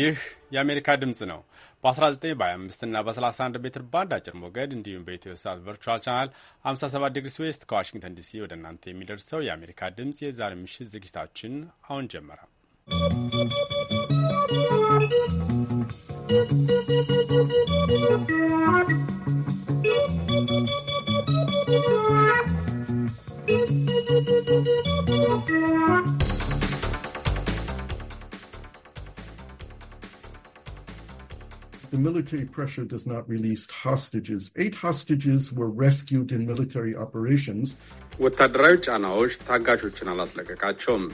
ይህ የአሜሪካ ድምፅ ነው። በ19 በ25 እና በ31 ሜትር ባንድ አጭር ሞገድ እንዲሁም በኢትዮ ሳት ቨርቹዋል ቻናል 57 ዲግሪ ስዌስት ከዋሽንግተን ዲሲ ወደ እናንተ የሚደርሰው የአሜሪካ ድምፅ የዛሬ ምሽት ዝግጅታችን አሁን ጀመረ። ¶¶ the military pressure does not release hostages. Eight hostages were rescued in military operations. ወታደራዊ ጫናዎች ታጋቾችን አላስለቀቃቸውም።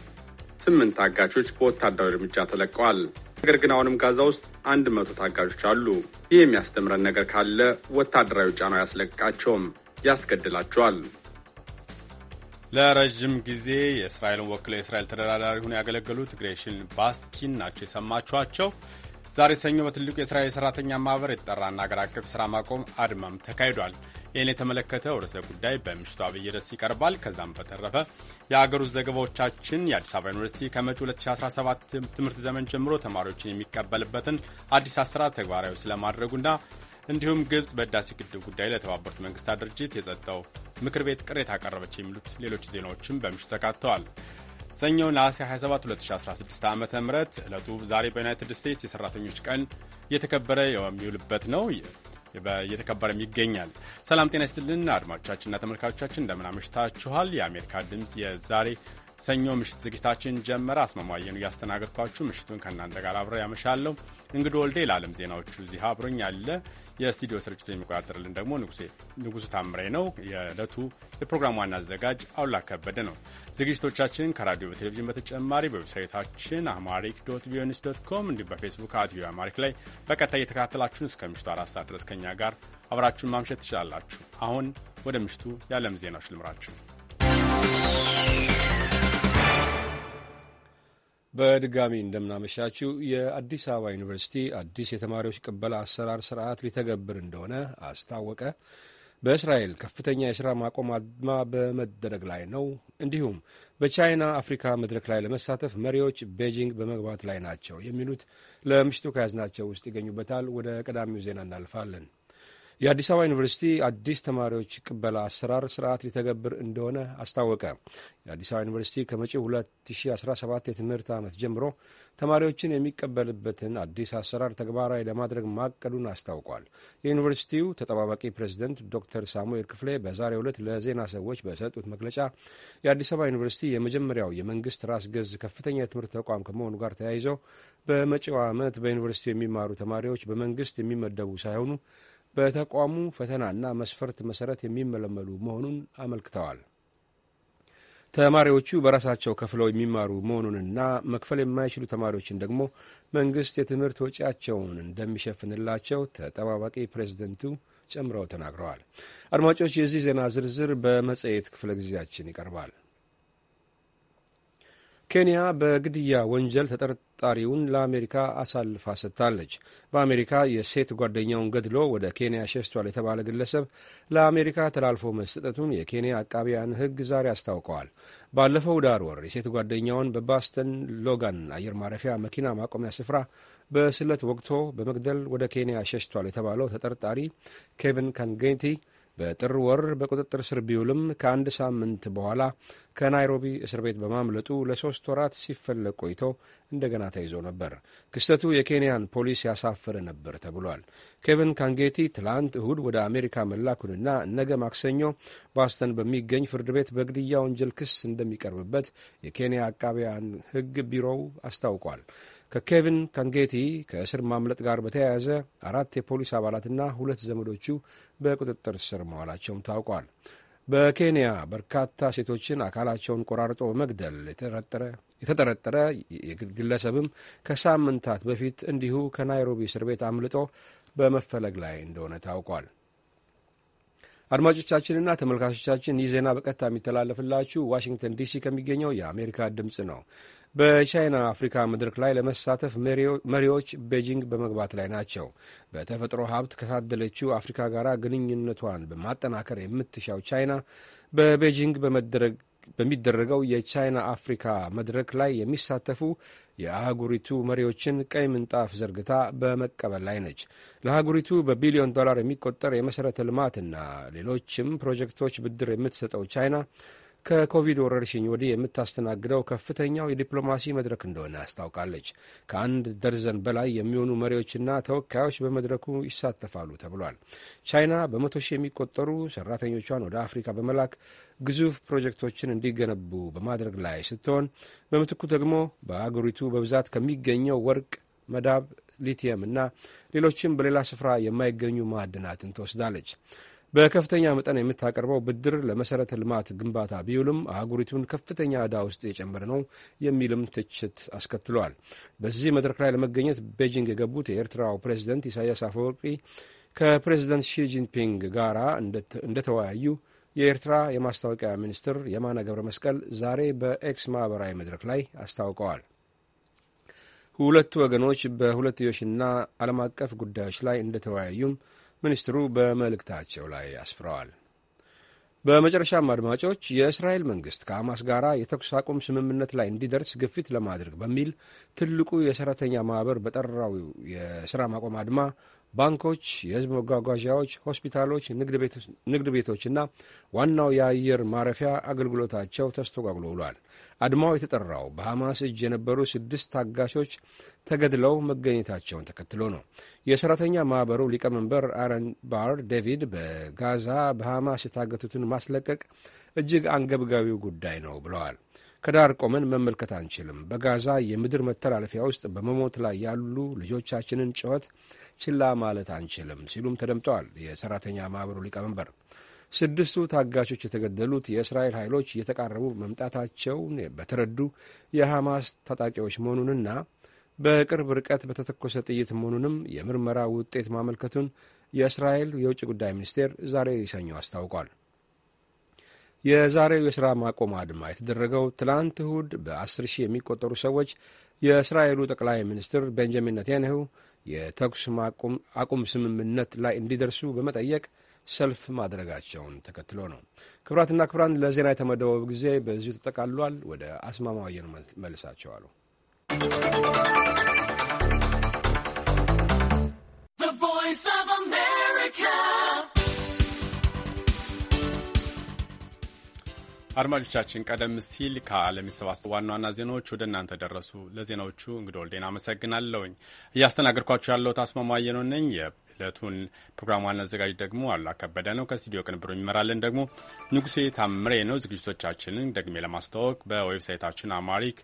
ስምንት ታጋቾች በወታደራዊ እርምጃ ተለቀዋል። ነገር ግን አሁንም ጋዛ ውስጥ አንድ መቶ ታጋቾች አሉ። ይህ የሚያስተምረን ነገር ካለ ወታደራዊ ጫናው ያስለቀቃቸውም ያስገድላቸዋል። ለረዥም ጊዜ የእስራኤልን ወክለው የእስራኤል ተደራዳሪ ሆነው ያገለገሉት ግሬሽን ባስኪን ናቸው የሰማችኋቸው። ዛሬ ሰኞ በትልቁ የእስራኤል ሰራተኛ ማህበር የተጠራና አገር አቀፍ ስራ ማቆም አድማም ተካሂዷል። ይህን የተመለከተው ርዕሰ ጉዳይ በምሽቱ አብይ ርዕስ ይቀርባል። ከዛም በተረፈ የአገር ውስጥ ዘገባዎቻችን የአዲስ አበባ ዩኒቨርሲቲ ከመጪ 2017 ትምህርት ዘመን ጀምሮ ተማሪዎችን የሚቀበልበትን አዲስ አሰራር ተግባራዊ ስለማድረጉና እንዲሁም ግብፅ በህዳሴ ግድብ ጉዳይ ለተባበሩት መንግስታት ድርጅት የጸጥታው ምክር ቤት ቅሬታ አቀረበች የሚሉት ሌሎች ዜናዎችም በምሽቱ ተካተዋል። ሰኞ ነሐሴ 27 2016 ዓ ም ዕለቱ ዛሬ በዩናይትድ ስቴትስ የሰራተኞች ቀን እየተከበረ የሚውልበት ነው እየተከበረም ይገኛል። ሰላም ጤና ይስጥልን አድማጮቻችንና ተመልካቾቻችን እንደምን አመሽታችኋል። የአሜሪካ ድምፅ የዛሬ ሰኞ ምሽት ዝግጅታችን ጀመረ። አስማማየኑ እያስተናገድኳችሁ ምሽቱን ከእናንተ ጋር አብረ ያመሻለሁ። እንግዲ ወልዴ ለዓለም ዜናዎቹ እዚህ አብሮኝ ያለ የስቱዲዮ ስርጭቱ የሚቆጣጠርልን ደግሞ ንጉሱ ታምሬ ነው። የዕለቱ የፕሮግራም ዋና አዘጋጅ አሉላ ከበደ ነው። ዝግጅቶቻችንን ከራዲዮ በቴሌቪዥን በተጨማሪ በዌብሳይታችን አማሪክ ዶት ቪኦኤ ዶት ኮም እንዲሁም በፌስቡክ አት ቪኦኤ አማሪክ ላይ በቀጣይ እየተከታተላችሁን እስከ ምሽቱ አራት ሰዓት ድረስ ከኛ ጋር አብራችሁን ማምሸት ትችላላችሁ። አሁን ወደ ምሽቱ የዓለም ዜናዎች ልምራችሁ። በድጋሚ እንደምናመሻችው የአዲስ አበባ ዩኒቨርሲቲ አዲስ የተማሪዎች ቅበላ አሰራር ስርዓት ሊተገብር እንደሆነ አስታወቀ። በእስራኤል ከፍተኛ የሥራ ማቆም አድማ በመደረግ ላይ ነው። እንዲሁም በቻይና አፍሪካ መድረክ ላይ ለመሳተፍ መሪዎች ቤጂንግ በመግባት ላይ ናቸው። የሚሉት ለምሽቱ ከያዝናቸው ውስጥ ይገኙበታል። ወደ ቀዳሚው ዜና እናልፋለን። የአዲስ አበባ ዩኒቨርሲቲ አዲስ ተማሪዎች ቅበላ አሰራር ስርዓት ሊተገብር እንደሆነ አስታወቀ። የአዲስ አበባ ዩኒቨርሲቲ ከመጪው 2017 የትምህርት ዓመት ጀምሮ ተማሪዎችን የሚቀበልበትን አዲስ አሰራር ተግባራዊ ለማድረግ ማቀዱን አስታውቋል። የዩኒቨርሲቲው ተጠባባቂ ፕሬዚደንት ዶክተር ሳሙኤል ክፍሌ በዛሬው ዕለት ለዜና ሰዎች በሰጡት መግለጫ የአዲስ አበባ ዩኒቨርሲቲ የመጀመሪያው የመንግስት ራስ ገዝ ከፍተኛ የትምህርት ተቋም ከመሆኑ ጋር ተያይዘው በመጪው ዓመት በዩኒቨርሲቲው የሚማሩ ተማሪዎች በመንግስት የሚመደቡ ሳይሆኑ በተቋሙ ፈተናና መስፈርት መሰረት የሚመለመሉ መሆኑን አመልክተዋል። ተማሪዎቹ በራሳቸው ከፍለው የሚማሩ መሆኑንና መክፈል የማይችሉ ተማሪዎችን ደግሞ መንግስት የትምህርት ወጪያቸውን እንደሚሸፍንላቸው ተጠባባቂ ፕሬዝደንቱ ጨምረው ተናግረዋል። አድማጮች፣ የዚህ ዜና ዝርዝር በመጽሔት ክፍለ ጊዜያችን ይቀርባል። ኬንያ በግድያ ወንጀል ተጠርጣሪውን ለአሜሪካ አሳልፋ ሰጥታለች። በአሜሪካ የሴት ጓደኛውን ገድሎ ወደ ኬንያ ሸሽቷል የተባለ ግለሰብ ለአሜሪካ ተላልፎ መስጠቱን የኬንያ አቃቢያን ሕግ ዛሬ አስታውቀዋል። ባለፈው ዳር ወር የሴት ጓደኛውን በባስተን ሎጋን አየር ማረፊያ መኪና ማቆሚያ ስፍራ በስለት ወቅቶ በመግደል ወደ ኬንያ ሸሽቷል የተባለው ተጠርጣሪ ኬቪን ካንጌቲ በጥር ወር በቁጥጥር ስር ቢውልም ከአንድ ሳምንት በኋላ ከናይሮቢ እስር ቤት በማምለጡ ለሶስት ወራት ሲፈለግ ቆይቶ እንደገና ተይዞ ነበር። ክስተቱ የኬንያን ፖሊስ ያሳፈረ ነበር ተብሏል። ኬቪን ካንጌቲ ትላንት እሁድ ወደ አሜሪካ መላኩንና ነገ ማክሰኞ ባስተን በሚገኝ ፍርድ ቤት በግድያ ወንጀል ክስ እንደሚቀርብበት የኬንያ አቃቢያን ሕግ ቢሮው አስታውቋል። ከኬቪን ካንጌቲ ከእስር ማምለጥ ጋር በተያያዘ አራት የፖሊስ አባላትና ሁለት ዘመዶቹ በቁጥጥር ስር መዋላቸውም ታውቋል። በኬንያ በርካታ ሴቶችን አካላቸውን ቆራርጦ በመግደል የተጠረጠረ ግለሰብም ከሳምንታት በፊት እንዲሁ ከናይሮቢ እስር ቤት አምልጦ በመፈለግ ላይ እንደሆነ ታውቋል። አድማጮቻችንና ተመልካቾቻችን ይህ ዜና በቀጥታ የሚተላለፍላችሁ ዋሽንግተን ዲሲ ከሚገኘው የአሜሪካ ድምፅ ነው። በቻይና አፍሪካ መድረክ ላይ ለመሳተፍ መሪዎች ቤጂንግ በመግባት ላይ ናቸው። በተፈጥሮ ሀብት ከታደለችው አፍሪካ ጋር ግንኙነቷን በማጠናከር የምትሻው ቻይና በቤጂንግ በመደረግ በሚደረገው የቻይና አፍሪካ መድረክ ላይ የሚሳተፉ የአህጉሪቱ መሪዎችን ቀይ ምንጣፍ ዘርግታ በመቀበል ላይ ነች። ለአህጉሪቱ በቢሊዮን ዶላር የሚቆጠር የመሠረተ ልማትና ሌሎችም ፕሮጀክቶች ብድር የምትሰጠው ቻይና ከኮቪድ ወረርሽኝ ወዲህ የምታስተናግደው ከፍተኛው የዲፕሎማሲ መድረክ እንደሆነ አስታውቃለች። ከአንድ ደርዘን በላይ የሚሆኑ መሪዎችና ተወካዮች በመድረኩ ይሳተፋሉ ተብሏል። ቻይና በመቶ ሺህ የሚቆጠሩ ሰራተኞቿን ወደ አፍሪካ በመላክ ግዙፍ ፕሮጀክቶችን እንዲገነቡ በማድረግ ላይ ስትሆን በምትኩ ደግሞ በአገሪቱ በብዛት ከሚገኘው ወርቅ፣ መዳብ፣ ሊቲየም እና ሌሎችም በሌላ ስፍራ የማይገኙ ማዕድናትን ትወስዳለች። በከፍተኛ መጠን የምታቀርበው ብድር ለመሰረተ ልማት ግንባታ ቢውልም አህጉሪቱን ከፍተኛ ዕዳ ውስጥ የጨመረ ነው የሚልም ትችት አስከትለዋል። በዚህ መድረክ ላይ ለመገኘት ቤጂንግ የገቡት የኤርትራው ፕሬዚደንት ኢሳያስ አፈወርቂ ከፕሬዚደንት ሺጂንፒንግ ጋር እንደተወያዩ የኤርትራ የማስታወቂያ ሚኒስትር የማነ ገብረ መስቀል ዛሬ በኤክስ ማህበራዊ መድረክ ላይ አስታውቀዋል። ሁለቱ ወገኖች በሁለትዮሽና ዓለም አቀፍ ጉዳዮች ላይ እንደተወያዩም ሚኒስትሩ በመልእክታቸው ላይ አስፍረዋል። በመጨረሻም አድማጮች የእስራኤል መንግስት ከሐማስ ጋር የተኩስ አቁም ስምምነት ላይ እንዲደርስ ግፊት ለማድረግ በሚል ትልቁ የሰራተኛ ማኅበር በጠራው የሥራ ማቆም አድማ ባንኮች፣ የሕዝብ መጓጓዣዎች፣ ሆስፒታሎች፣ ንግድ ቤቶችና ዋናው የአየር ማረፊያ አገልግሎታቸው ተስተጓጉሎ ውሏል። አድማው የተጠራው በሐማስ እጅ የነበሩ ስድስት ታጋሾች ተገድለው መገኘታቸውን ተከትሎ ነው። የሰራተኛ ማኅበሩ ሊቀመንበር አረን ባር ዴቪድ በጋዛ በሐማስ የታገቱትን ማስለቀቅ እጅግ አንገብጋቢው ጉዳይ ነው ብለዋል። ከዳር ቆመን መመልከት አንችልም። በጋዛ የምድር መተላለፊያ ውስጥ በመሞት ላይ ያሉ ልጆቻችንን ጩኸት ችላ ማለት አንችልም ሲሉም ተደምጠዋል። የሰራተኛ ማኅበሩ ሊቀመንበር ስድስቱ ታጋቾች የተገደሉት የእስራኤል ኃይሎች እየተቃረቡ መምጣታቸውን በተረዱ የሐማስ ታጣቂዎች መሆኑንና በቅርብ ርቀት በተተኮሰ ጥይት መሆኑንም የምርመራ ውጤት ማመልከቱን የእስራኤል የውጭ ጉዳይ ሚኒስቴር ዛሬ ሰኞ አስታውቋል። የዛሬው የሥራ ማቆም አድማ የተደረገው ትላንት እሁድ በ10 ሺህ የሚቆጠሩ ሰዎች የእስራኤሉ ጠቅላይ ሚኒስትር ቤንጃሚን ነታንያሁ የተኩስ አቁም ስምምነት ላይ እንዲደርሱ በመጠየቅ ሰልፍ ማድረጋቸውን ተከትሎ ነው። ክብራትና ክብራን ለዜና የተመደበው ጊዜ በዚሁ ተጠቃልሏል። ወደ አስማማው አየነው መልሳቸዋሉ። አድማጮቻችን፣ ቀደም ሲል ከዓለም የሰባሰቡ ዋና ዋና ዜናዎች ወደ እናንተ ደረሱ። ለዜናዎቹ እንግዶ ወልዴን አመሰግናለውኝ። እያስተናገድኳችሁ ያለው አስማማየ ነው ነኝ። የዕለቱን ፕሮግራም ዋና አዘጋጅ ደግሞ አሉላ ከበደ ነው። ከስቱዲዮ ቅንብሮ የሚመራልን ደግሞ ንጉሴ ታምሬ ነው። ዝግጅቶቻችንን ደግሜ ለማስተዋወቅ በዌብሳይታችን አማሪክ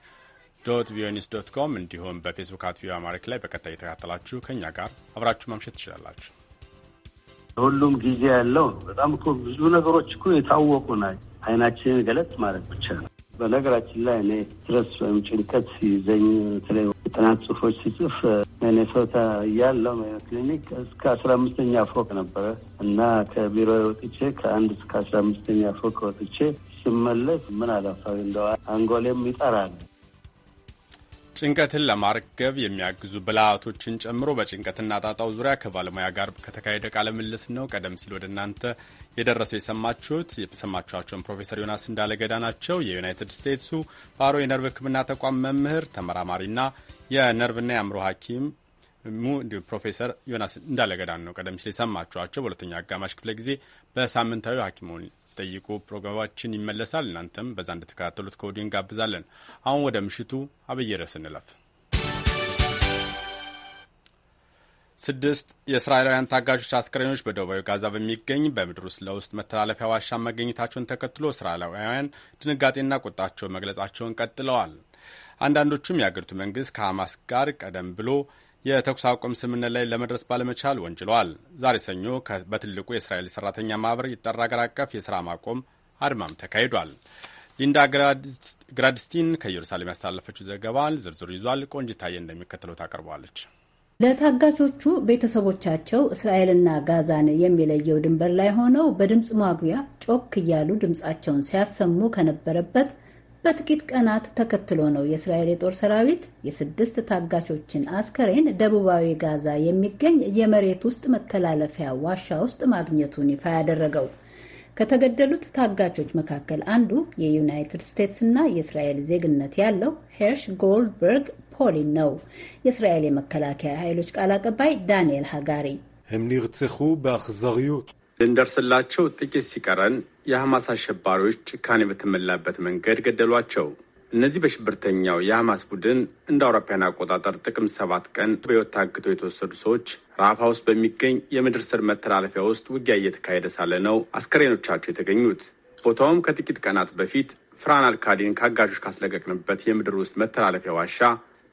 ዶት ቪኦኤኒውስ ዶት ኮም እንዲሁም በፌስቡክ አት ቪኦኤ አማሪክ ላይ በቀጣይ የተካተላችሁ ከእኛ ጋር አብራችሁ ማምሸት ትችላላችሁ። ሁሉም ጊዜ ያለው ነው። በጣም እኮ ብዙ ነገሮች እኮ የታወቁ ናቸው። አይናችንን ገለጥ ማለት ብቻ ነው። በነገራችን ላይ እኔ ስትረስ ወይም ጭንቀት ሲይዘኝ በተለይ ጥናት ጽሁፎች ሲጽፍ ሚኔሶታ እያለሁ ክሊኒክ እስከ አስራ አምስተኛ ፎቅ ነበረ እና ከቢሮ ወጥቼ ከአንድ እስከ አስራ አምስተኛ ፎቅ ወጥቼ ስመለስ ምን አላፋዊ እንደው አንጎሌም ይጠራል። ጭንቀትን ለማርገብ የሚያግዙ ብልሃቶችን ጨምሮ በጭንቀትና ጣጣው ዙሪያ ከባለሙያ ጋር ከተካሄደ ቃለ ምልልስ ነው። ቀደም ሲል ወደ እናንተ የደረሰው የሰማችሁት የተሰማችኋቸውን ፕሮፌሰር ዮናስ እንዳለገዳ ናቸው። የዩናይትድ ስቴትሱ ባሮ የነርቭ ሕክምና ተቋም መምህር ተመራማሪና የነርቭና የአእምሮ ሐኪም ፕሮፌሰር ዮናስ እንዳለገዳን ነው ቀደም ሲል የሰማችኋቸው። በሁለተኛ አጋማሽ ክፍለ ጊዜ በሳምንታዊ ሐኪሙን ጠይቁ ፕሮግራማችን ይመለሳል። እናንተም በዛ እንደተከታተሉት ከወዲሁ እንጋብዛለን። አሁን ወደ ምሽቱ አብይ ርዕስ እንለፍ። ስድስት የእስራኤላውያን ታጋቾች አስክሬኖች በደቡባዊ ጋዛ በሚገኝ በምድር ውስጥ ለውስጥ መተላለፊያ ዋሻ መገኘታቸውን ተከትሎ እስራኤላውያን ድንጋጤና ቁጣቸው መግለጻቸውን ቀጥለዋል። አንዳንዶቹም የአገሪቱ መንግስት ከሐማስ ጋር ቀደም ብሎ የተኩስ አቁም ስምምነት ላይ ለመድረስ ባለመቻል ወንጅለዋል። ዛሬ ሰኞ በትልቁ የእስራኤል ሰራተኛ ማህበር የጠራ አገር አቀፍ የስራ ማቆም አድማም ተካሂዷል። ሊንዳ ግራድስቲን ከኢየሩሳሌም ያስተላለፈችው ዘገባ ዝርዝሩ ይዟል። ቆንጅታዬ እንደሚከተለው ታቀርበዋለች። ለታጋቾቹ ቤተሰቦቻቸው እስራኤልና ጋዛን የሚለየው ድንበር ላይ ሆነው በድምፅ ማጉያ ጮክ እያሉ ድምፃቸውን ሲያሰሙ ከነበረበት በጥቂት ቀናት ተከትሎ ነው የእስራኤል የጦር ሰራዊት የስድስት ታጋቾችን አስከሬን ደቡባዊ ጋዛ የሚገኝ የመሬት ውስጥ መተላለፊያ ዋሻ ውስጥ ማግኘቱን ይፋ ያደረገው። ከተገደሉት ታጋቾች መካከል አንዱ የዩናይትድ ስቴትስና የእስራኤል ዜግነት ያለው ሄርሽ ጎልድበርግ ፖሊን ነው። የእስራኤል የመከላከያ ኃይሎች ቃል አቀባይ ዳንኤል ሃጋሪ הם נרצחו ልንደርስላቸው ጥቂት ሲቀረን የሐማስ አሸባሪዎች ጭካኔ በተሞላበት መንገድ ገደሏቸው። እነዚህ በሽብርተኛው የሐማስ ቡድን እንደ አውሮፓያን አቆጣጠር ጥቅም ሰባት ቀን በሕይወት ታግተው የተወሰዱ ሰዎች ራፋ ውስጥ በሚገኝ የምድር ስር መተላለፊያ ውስጥ ውጊያ እየተካሄደ ሳለ ነው አስከሬኖቻቸው የተገኙት። ቦታውም ከጥቂት ቀናት በፊት ፍራን አልካዲን ከአጋዦች ካስለቀቅንበት የምድር ውስጥ መተላለፊያ ዋሻ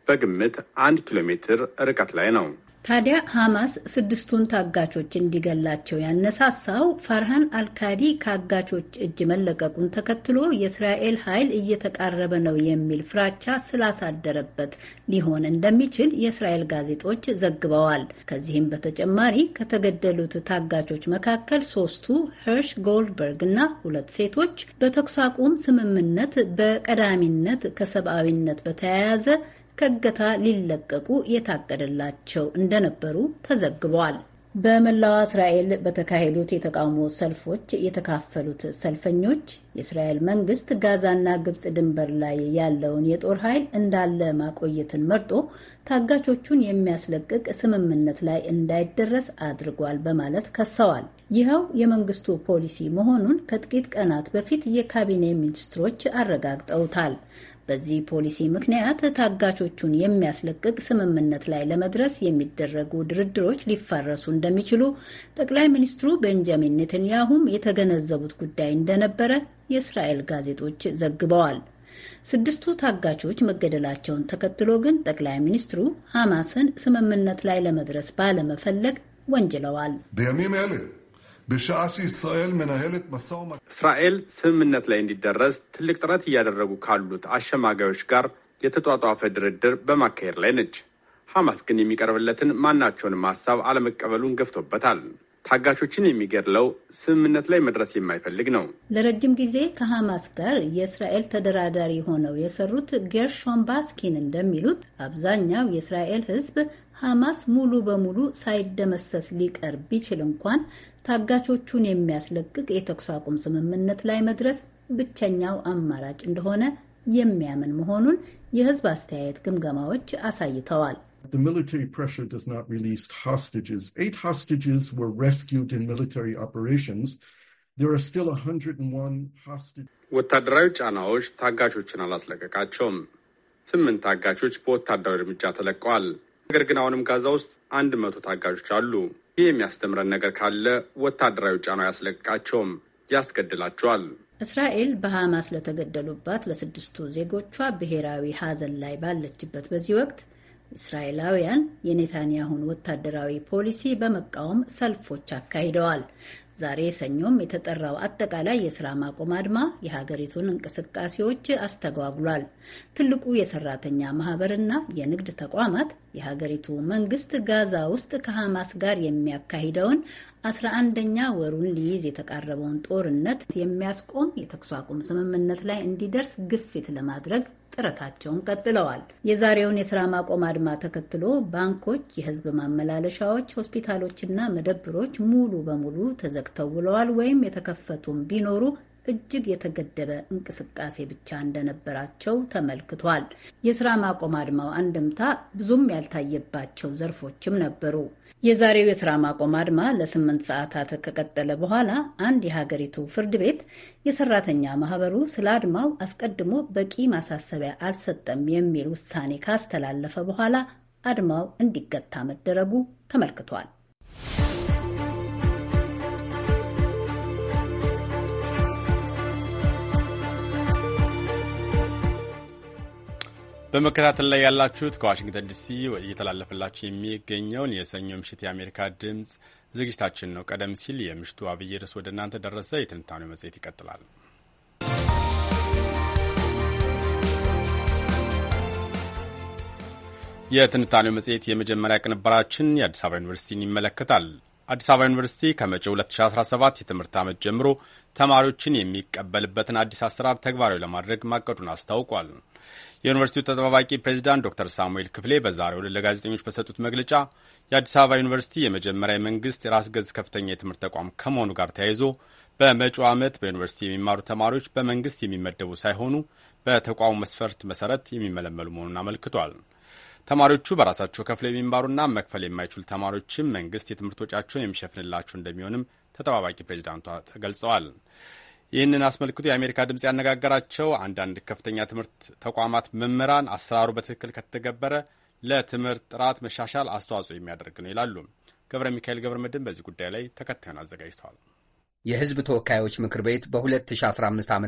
በግምት አንድ ኪሎ ሜትር ርቀት ላይ ነው። ታዲያ ሐማስ ስድስቱን ታጋቾች እንዲገላቸው ያነሳሳው ፋርሃን አልካዲ ከአጋቾች እጅ መለቀቁን ተከትሎ የእስራኤል ኃይል እየተቃረበ ነው የሚል ፍራቻ ስላሳደረበት ሊሆን እንደሚችል የእስራኤል ጋዜጦች ዘግበዋል። ከዚህም በተጨማሪ ከተገደሉት ታጋቾች መካከል ሶስቱ ሄርሽ ጎልድበርግ እና ሁለት ሴቶች በተኩስ አቁም ስምምነት በቀዳሚነት ከሰብአዊነት በተያያዘ ከእገታ ሊለቀቁ የታቀደላቸው እንደነበሩ ተዘግቧል። በመላዋ እስራኤል በተካሄዱት የተቃውሞ ሰልፎች የተካፈሉት ሰልፈኞች የእስራኤል መንግስት ጋዛና ግብፅ ድንበር ላይ ያለውን የጦር ኃይል እንዳለ ማቆየትን መርጦ ታጋቾቹን የሚያስለቅቅ ስምምነት ላይ እንዳይደረስ አድርጓል በማለት ከሰዋል። ይኸው የመንግስቱ ፖሊሲ መሆኑን ከጥቂት ቀናት በፊት የካቢኔ ሚኒስትሮች አረጋግጠውታል። በዚህ ፖሊሲ ምክንያት ታጋቾቹን የሚያስለቅቅ ስምምነት ላይ ለመድረስ የሚደረጉ ድርድሮች ሊፋረሱ እንደሚችሉ ጠቅላይ ሚኒስትሩ ቤንጃሚን ኔተንያሁም የተገነዘቡት ጉዳይ እንደነበረ የእስራኤል ጋዜጦች ዘግበዋል። ስድስቱ ታጋቾች መገደላቸውን ተከትሎ ግን ጠቅላይ ሚኒስትሩ ሐማስን ስምምነት ላይ ለመድረስ ባለመፈለግ ወንጅለዋል። እስራኤል ስምምነት ላይ እንዲደረስ ትልቅ ጥረት እያደረጉ ካሉት አሸማጋዮች ጋር የተጧጧፈ ድርድር በማካሄድ ላይ ነች። ሐማስ ግን የሚቀርብለትን ማናቸውንም ሀሳብ አለመቀበሉን ገፍቶበታል። ታጋቾችን የሚገድለው ስምምነት ላይ መድረስ የማይፈልግ ነው። ለረጅም ጊዜ ከሐማስ ጋር የእስራኤል ተደራዳሪ ሆነው የሰሩት ጌርሾን ባስኪን እንደሚሉት አብዛኛው የእስራኤል ሕዝብ ሐማስ ሙሉ በሙሉ ሳይደመሰስ ሊቀር ቢችል እንኳን ታጋቾቹን የሚያስለቅቅ የተኩስ አቁም ስምምነት ላይ መድረስ ብቸኛው አማራጭ እንደሆነ የሚያምን መሆኑን የህዝብ አስተያየት ግምገማዎች አሳይተዋል። ወታደራዊ ጫናዎች ታጋቾችን አላስለቀቃቸውም። ስምንት ታጋቾች በወታደራዊ እርምጃ ተለቀዋል። ነገር ግን አሁንም ጋዛ ውስጥ አንድ መቶ ታጋቾች አሉ። ይህ የሚያስተምረን ነገር ካለ ወታደራዊ ጫና አያስለቅቃቸውም፣ ያስገድላቸዋል። እስራኤል በሐማስ ለተገደሉባት ለስድስቱ ዜጎቿ ብሔራዊ ሐዘን ላይ ባለችበት በዚህ ወቅት እስራኤላውያን የኔታንያሁን ወታደራዊ ፖሊሲ በመቃወም ሰልፎች አካሂደዋል። ዛሬ ሰኞም የተጠራው አጠቃላይ የስራ ማቆም አድማ የሀገሪቱን እንቅስቃሴዎች አስተጓጉሏል። ትልቁ የሰራተኛ ማህበርና የንግድ ተቋማት የሀገሪቱ መንግስት ጋዛ ውስጥ ከሐማስ ጋር የሚያካሂደውን አስራ አንደኛ ወሩን ሊይዝ የተቃረበውን ጦርነት የሚያስቆም የተኩስ አቁም ስምምነት ላይ እንዲደርስ ግፊት ለማድረግ ጥረታቸውን ቀጥለዋል። የዛሬውን የስራ ማቆም አድማ ተከትሎ ባንኮች፣ የህዝብ ማመላለሻዎች፣ ሆስፒታሎችና መደብሮች ሙሉ በሙሉ ተዘግተው ውለዋል ወይም የተከፈቱም ቢኖሩ እጅግ የተገደበ እንቅስቃሴ ብቻ እንደነበራቸው ተመልክቷል። የስራ ማቆም አድማው አንድምታ ብዙም ያልታየባቸው ዘርፎችም ነበሩ። የዛሬው የስራ ማቆም አድማ ለስምንት ሰዓታት ከቀጠለ በኋላ አንድ የሀገሪቱ ፍርድ ቤት የሰራተኛ ማህበሩ ስለ አድማው አስቀድሞ በቂ ማሳሰቢያ አልሰጠም የሚል ውሳኔ ካስተላለፈ በኋላ አድማው እንዲገታ መደረጉ ተመልክቷል። በመከታተል ላይ ያላችሁት ከዋሽንግተን ዲሲ እየተላለፈላችሁ የሚገኘውን የሰኞ ምሽት የአሜሪካ ድምፅ ዝግጅታችን ነው። ቀደም ሲል የምሽቱ አብይ ርዕስ ወደ እናንተ ደረሰ። የትንታኔው መጽሔት ይቀጥላል። የትንታኔው መጽሔት የመጀመሪያ ቅንባራችን የአዲስ አበባ ዩኒቨርሲቲን ይመለከታል። አዲስ አበባ ዩኒቨርሲቲ ከመጪው 2017 የትምህርት ዓመት ጀምሮ ተማሪዎችን የሚቀበልበትን አዲስ አሰራር ተግባራዊ ለማድረግ ማቀዱን አስታውቋል። የዩኒቨርሲቲው ተጠባባቂ ፕሬዚዳንት ዶክተር ሳሙኤል ክፍሌ በዛሬው ዕለት ለጋዜጠኞች በሰጡት መግለጫ የአዲስ አበባ ዩኒቨርሲቲ የመጀመሪያ የመንግስት የራስ ገዝ ከፍተኛ የትምህርት ተቋም ከመሆኑ ጋር ተያይዞ በመጪው ዓመት በዩኒቨርሲቲ የሚማሩ ተማሪዎች በመንግስት የሚመደቡ ሳይሆኑ በተቋሙ መስፈርት መሰረት የሚመለመሉ መሆኑን አመልክቷል። ተማሪዎቹ በራሳቸው ከፍለ የሚማሩና መክፈል የማይችሉ ተማሪዎችም መንግስት የትምህርት ወጪያቸውን የሚሸፍንላቸው እንደሚሆንም ተጠባባቂ ፕሬዚዳንቷ ተገልጸዋል። ይህንን አስመልክቶ የአሜሪካ ድምፅ ያነጋገራቸው አንዳንድ ከፍተኛ ትምህርት ተቋማት መምህራን አሰራሩ በትክክል ከተገበረ ለትምህርት ጥራት መሻሻል አስተዋጽኦ የሚያደርግ ነው ይላሉ። ገብረ ሚካኤል ገብረ መድን በዚህ ጉዳይ ላይ ተከታዩን አዘጋጅተዋል። የሕዝብ ተወካዮች ምክር ቤት በ2015 ዓ ም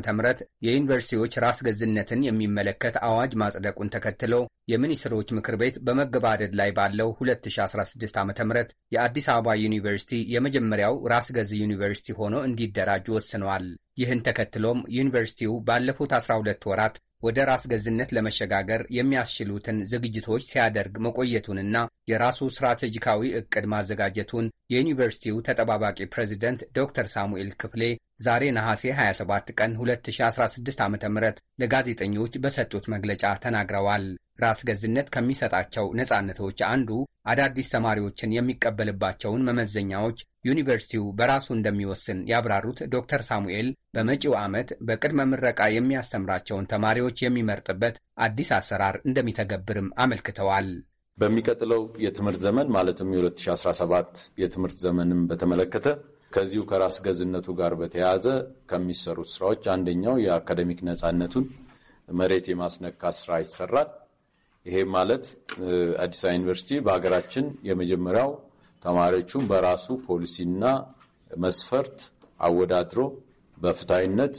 የዩኒቨርሲቲዎች ራስ ገዝነትን የሚመለከት አዋጅ ማጽደቁን ተከትሎ የሚኒስትሮች ምክር ቤት በመገባደድ ላይ ባለው 2016 ዓ ም የአዲስ አበባ ዩኒቨርሲቲ የመጀመሪያው ራስ ገዝ ዩኒቨርሲቲ ሆኖ እንዲደራጅ ወስነዋል። ይህን ተከትሎም ዩኒቨርሲቲው ባለፉት 12 ወራት ወደ ራስ ገዝነት ለመሸጋገር የሚያስችሉትን ዝግጅቶች ሲያደርግ መቆየቱንና የራሱ ስትራቴጂካዊ እቅድ ማዘጋጀቱን የዩኒቨርሲቲው ተጠባባቂ ፕሬዚደንት ዶክተር ሳሙኤል ክፍሌ ዛሬ ነሐሴ 27 ቀን 2016 ዓ ም ለጋዜጠኞች በሰጡት መግለጫ ተናግረዋል። ራስ ገዝነት ከሚሰጣቸው ነፃነቶች አንዱ አዳዲስ ተማሪዎችን የሚቀበልባቸውን መመዘኛዎች ዩኒቨርሲቲው በራሱ እንደሚወስን ያብራሩት ዶክተር ሳሙኤል በመጪው ዓመት በቅድመ ምረቃ የሚያስተምራቸውን ተማሪዎች የሚመርጥበት አዲስ አሰራር እንደሚተገብርም አመልክተዋል። በሚቀጥለው የትምህርት ዘመን ማለትም የ2017 የትምህርት ዘመንም በተመለከተ ከዚሁ ከራስ ገዝነቱ ጋር በተያያዘ ከሚሰሩት ስራዎች አንደኛው የአካደሚክ ነፃነቱን መሬት የማስነካ ስራ ይሰራል። ይሄ ማለት አዲስ አበባ ዩኒቨርሲቲ በሀገራችን የመጀመሪያው ተማሪዎቹን በራሱ ፖሊሲና መስፈርት አወዳድሮ በፍትሐዊነት